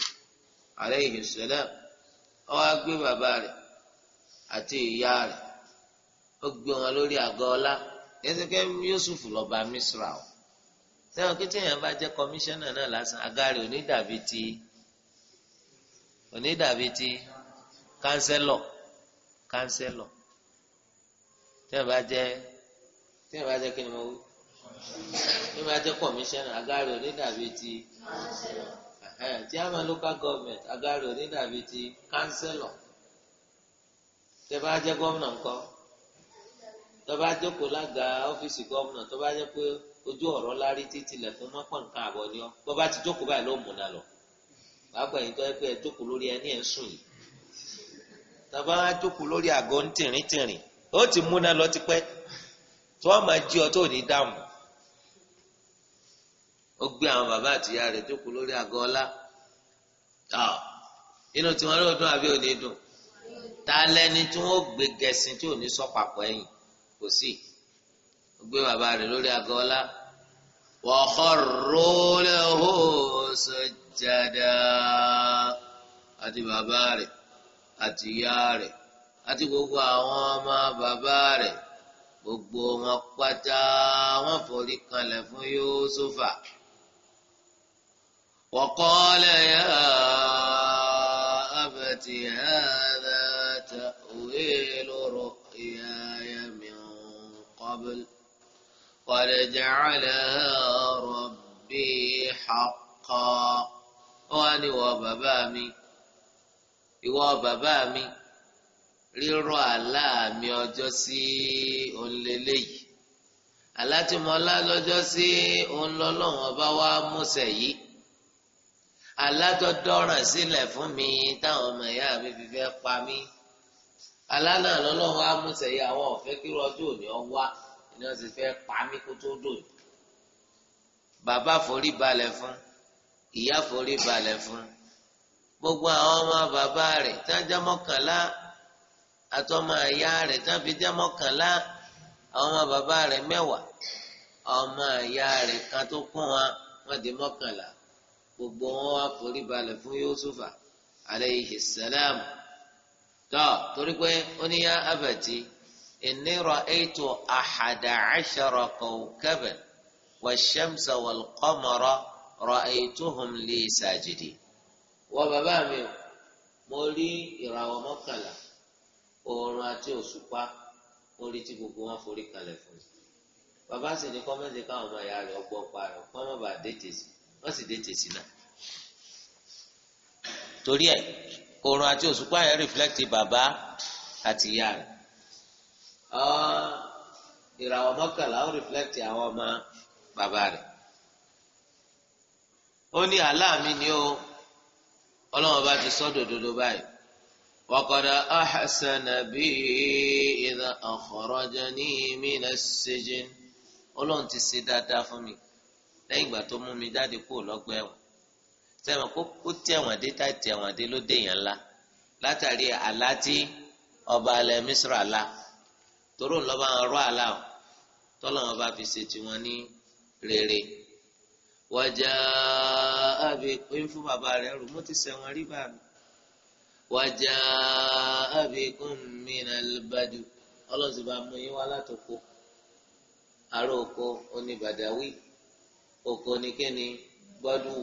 Speaker 1: alayhi salam ó wá gbé bàbá rẹ̀ àti ìyá rẹ̀ ó gbé wọn lórí àgọ́ ọlá ẹsẹ̀kẹ́ Yusuf lọ́ba Mísírà o sẹ́wọ̀n kí téèyàn bá jẹ́ kọmíṣánná náà lásán agáre ò ní dàbí onídàbí ti kánsẹ́lọ̀ kánsẹ́lọ̀ tí wọ́n bá jẹ́ tí wọ́n bá jẹ́ kí ni mo wí tí wọ́n bá jẹ́ kọ̀míṣánná agáre onídàbí ti tí a local government agáre onídàbí ti kánsẹ́lọ̀ tí wọ́n bá jẹ́ gómìnà ńkọ́ tó bá jókòó lága ọ́fíìsì gómìnà tó bá jẹ́ pé ojú ọ̀rọ̀ lárí títí lẹ̀kún mọ́pọ̀ nǹkan àbọ̀ ni ọ́ bó bá ti jókòó báyìí ló mú un náà lọ pàápàá yìí tó yẹ pé ẹ jókòó lórí ẹni ẹ sùn yìí tàbá wá jókòó lórí àgọ́ ń tìrín tìrín ó ti múná lọ tipẹ́ tí wọ́n máa jí ọ tó ní dáhùn ó gbé àwọn bàbá àtìyá rẹ̀ jókòó lórí àgọ́ ọlá inú tí wọ́n dún àbí òní dùn ta lẹni tí wọ́n gbé gẹ̀ẹ́sìn tí ò ní sọ papọ̀ ẹ̀yìn kò sí gbé bàbá rẹ̀ lórí àgọ́ ọlá. وخروا له سجدا àti bàbá rẹ̀ àti ìyá rẹ̀ àti gbogbo àwọn ọmọ bàbá rẹ̀ gbogbo wọn pátá wọn forí kanlẹ̀ fún Yusufa وقال يا أبت هذا تأويل رؤياي من قبل. قد جعلها ربي حقا wọn ni wọ bàbá mi ìwọ bàbá mi rírọ àlá mi ọjọ́ sí ònlélẹ yìí alátìmọlá lọ́jọ́ sí ònlọlọrun ọba wa músẹ yìí alátọdọràn sílẹ̀ fún mi táwọn ọmọ ìyá mi fi fẹ́ pa mí
Speaker 2: alánà lọlọrun
Speaker 1: wa músẹ yìí àwọn ọfẹ kí rọjò òní ọ wá ni wọ́n sì fẹ́ pa mí kó tó dò yìí bàbá forí balẹ̀ fún ìyá forí balẹ̀ fún gbogbo àwọn ọmọ bàbá rẹ̀ tán jẹ́ mọ́kànlá àtọmọ ìyá rẹ̀ tán fi jẹ́ mọ́kànlá àwọn ọmọ bàbá rẹ̀ mẹ́wàá ọmọ ìyá rẹ̀ kan tó kún wa wọ́n di mọ́kànlá gbogbo wọn wá forí balẹ̀ fún Yusufa alayhi salam tó torí pé ó ní yá إني رأيت أحد عشر كوكبا والشمس والقمر رأيتهم لي ساجدين وبابا ميو مولي إراو مكلا وراتي وسوبا مولي تيبوكو وفوري كالفون bàbá sì ní kọ́mẹ́ǹtì káwọn ọmọ ìyá rẹ̀ ọgbọ́n pa rẹ̀ kọ́ mọ́ bá déètè sí wọ́n sì déètè sí náà. torí ẹ̀ oorun àti òṣùpá yẹn rìflẹ́kìtì bàbá àti ìyá rẹ̀ àwọn ìràwọ̀ mọ́kànlá ó rìflẹ́kìtì àwọn ọmọ bàbá rẹ̀ ó ní aláàmì ni ó ọlọ́wọ́n bá ti sọ́ dòdòdó báyìí وقد أحسن بي إذا أخرجني من السجن ọlọ́run ti ṣe dáadáa fún mi lẹ́yìn ìgbà tó mú mi jáde kúrò lọ́gbà ẹ̀wọ̀n sẹ́wọ̀n kó tí ẹ̀wọ̀n dé tá tí ẹ̀wọ̀n dé ló dé yẹn ńlá látàrí àlá tí ọba alẹ́ misra la toró ńlọba wọn rọ àlà o tọ́lọ̀ wọn bá fi ṣe tiwọn ní rere wàjà àbí pín fún bàbá rẹ rò mo ti sẹ̀wọ̀n rí bá mi wàjà àbí kún mi nà lùbàdù ọlọ́sì bá mú yín wá látòkò àrò oko oníbàdàwí oko oníkéni gbọ́dù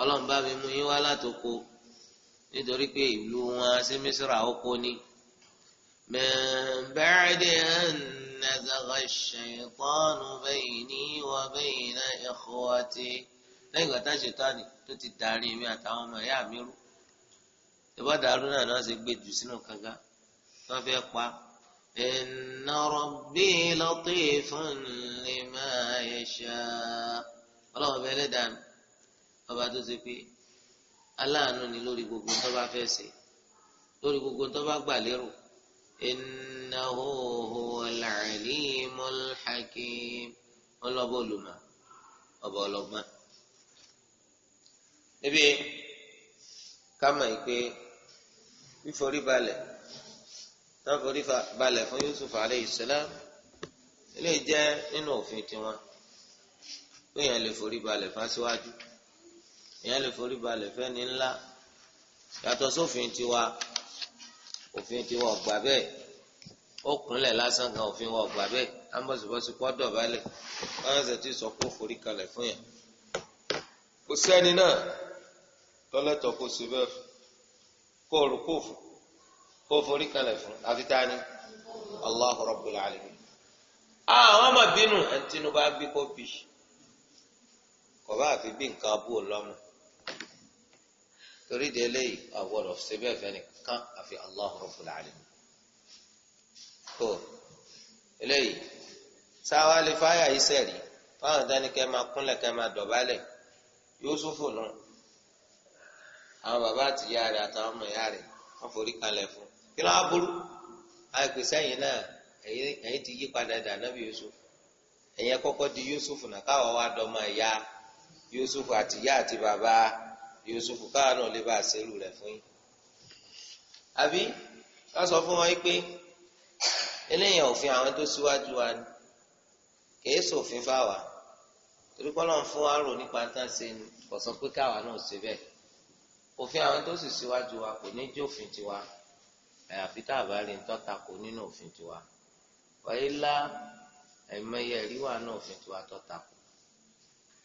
Speaker 1: ọlọ́run bá mi mú yín wá látòkò nítorí pé ìlú wọn ṣe mísírà oko ni. Kenny, من بعد أن نزغ الشيطان بيني وبين إخوتي lẹ́yìn ìgbà tá ṣètọ́ni tó ti darí mi àtàwọn ọmọ ìyá mi rú ìbá dàrú náà náà ṣe gbé jù sínú kànga tó fẹ́ pa. Inna rabbi latifun lima yasha ọlọ́run bẹ́ẹ̀ lẹ́dàá mi ọba tó ṣe pé aláàánú ni lórí gbogbo tó bá fẹ́ ṣe lórí gbogbo tó bá gbà lérò. innahu huwal alimul hakim ọlọ́bọ̀ olùmọ̀ ọba ọlọ́gbọ́n. níbi kámọ̀ ìpè fíforí balẹ̀ tán forí balẹ̀ fún Yusuf aleyhi salam ilé jẹ́ nínú òfin tiwọn pé èèyàn lè forí balẹ̀ fásiwájú èèyàn lè forí balẹ̀ fẹ́ni ńlá tiwa. òfin tí wọ́n gbà bẹ́ẹ̀ ó kúnlẹ̀ lásán kan òfin wọ́n gbà bẹ́ẹ̀ ambọ̀sibọ́sí kọ́ dọ̀bálẹ̀ báwọn ṣe ti sọ pé forí kalẹ̀ fún yẹn kò sẹ́ni náà tọ́lẹ́tọ̀ kò sí bẹ́ẹ̀ kó o rò kó fún kó forí kalẹ̀ fún àfi tá a ní Allahu Rabbul Alamin. àwọn ọmọ bínú ẹni tinubu á bí kó bì kò bá àfi bí nǹkan abúlé torí de eléyìí àwọ̀rọ̀ ṣe fẹ́ nìkan kan àfi Allahu Rabbul Alamin tó eléyìí sáwa lè fáyà iṣẹ́ rí fáwọn dání kẹ́ máa kúnlẹ̀ kẹ́ máa dọ̀bálẹ̀ Yusufu nù àwọn bàbá àti ìyá rẹ̀ àtàwọn ọmọ ìyá rẹ̀ wọ́n forí kalẹ̀ fún kí ló á burú àìpèsè ẹ̀yìn náà ẹ̀yìn ti yí padà dà nábì Yusuf ẹ̀yìn kọ́kọ́ di Yusuf náà káwọ́ wa dọ́mọ ìyá Yusuf àti ìyá àti bàbá Yusuf káwọn náà lè bá àṣẹlù rẹ̀ fún yín àbí ká sọ fún wọn pé eléyìí òfin àwọn tó síwájú wa ni kìí ṣòfin fáwa torí kọ́ lọ́n fún wa rò nípa tán ṣe ni kò sọ pé káwa náà ṣe bẹ́ẹ̀ òfin àwọn tó sì síwájú wa kò ní jẹ́ òfin tiwa àyàfi tá a bá lè tọ́ta kò nínú òfin tiwa wáyé lá àìmọye ẹ̀rí wà náà òfin tiwa tọ́ta kù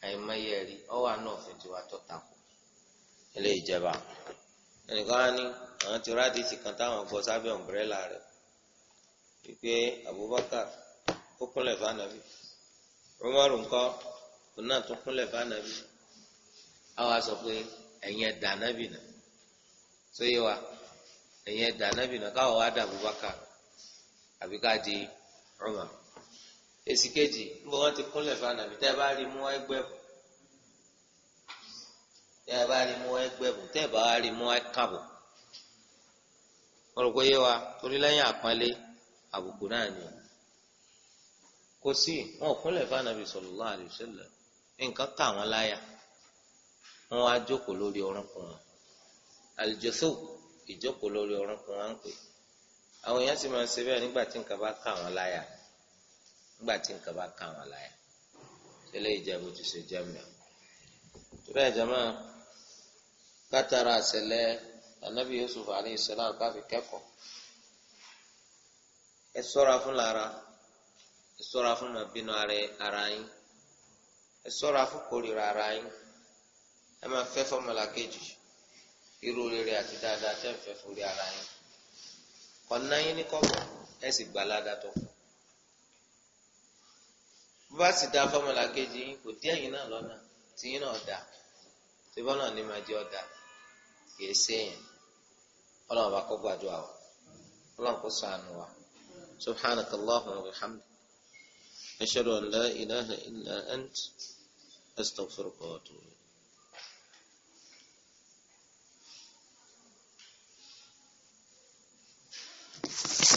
Speaker 1: àìmọye ẹ̀rí ọ wà náà òfin tiwa tọ́ta kù ilé ìjẹba ẹnìkan á ní àwọn ti rádìsì kan táwọn gbọ́ sábẹ́ ọ̀mbrẹ́là rẹ̀ wípé Abubakar ó kúnlẹ̀ fànàbí Umaru ńkọ́ òun náà tún kúnlẹ̀ fànàbí àwa sọ pé ẹ̀yin ẹ̀dà nábì nà sóyè wa ẹ̀yin ẹ̀dà nábì nà káwọ̀ wá dà Abubakar àbí ká di Umar èsì kejì níbo wọn ti kúnlẹ̀ fànàbí tẹ́ bá rí mú ẹgbẹ́ kù tẹ́ ẹ bá rí mú ẹgbẹ̀bù tẹ́ ẹ bá rí mú ẹkàbù ọ̀rọ̀ pé yé wa torí lẹ́yìn àpọ́nlé àbùkù náà ni kò sí wọn ò kúnlẹ̀ fànàbì sallallahu alaihi wasallam nǹkan kà wọ́n láyà wọ́n wá jókòó lórí orúnkún wọn àlùjọ́sọ́ ìjókòó lórí orúnkún wọn ń pè àwọn èèyàn sì máa ń ṣe bẹ́ẹ̀ nígbà tí nǹkan bá kà wọ́n láyà nígbà tí nǹkan bá kà wọ́n láyà ṣẹlẹ̀ ìjẹ́bù ti ṣe jẹ́ mẹ́rin. torí látara àṣẹlẹ anabi yusuf alayhi káfi kẹ́kọ̀ọ́ ẹ ṣọ́ra fún lara ẹ ṣọ́ra fún màbínú ara yín ẹ ṣọ́ra fún kórìíra ara yín ẹ máa fẹ́ fọmọlá kejì irú rere àti dáadáa tẹ́ ń fẹ́ forí ara yín kọ̀ọ̀nà yín ní kọ́kọ́ ẹ sì gbà ládàtọ̀ bí sì dá fọmọlá kejì yín kò náà lọ́nà tí yín náà dá ni màá di ọ̀dà. kìí séèyàn ọlọ́run bá kó gbàdúrà wa ọlọ́run kó sànù wa subhanaka allahumma wa bihamdik ashhadu an la ilaha illa ant astaghfiruka kootu. atubu ilayk.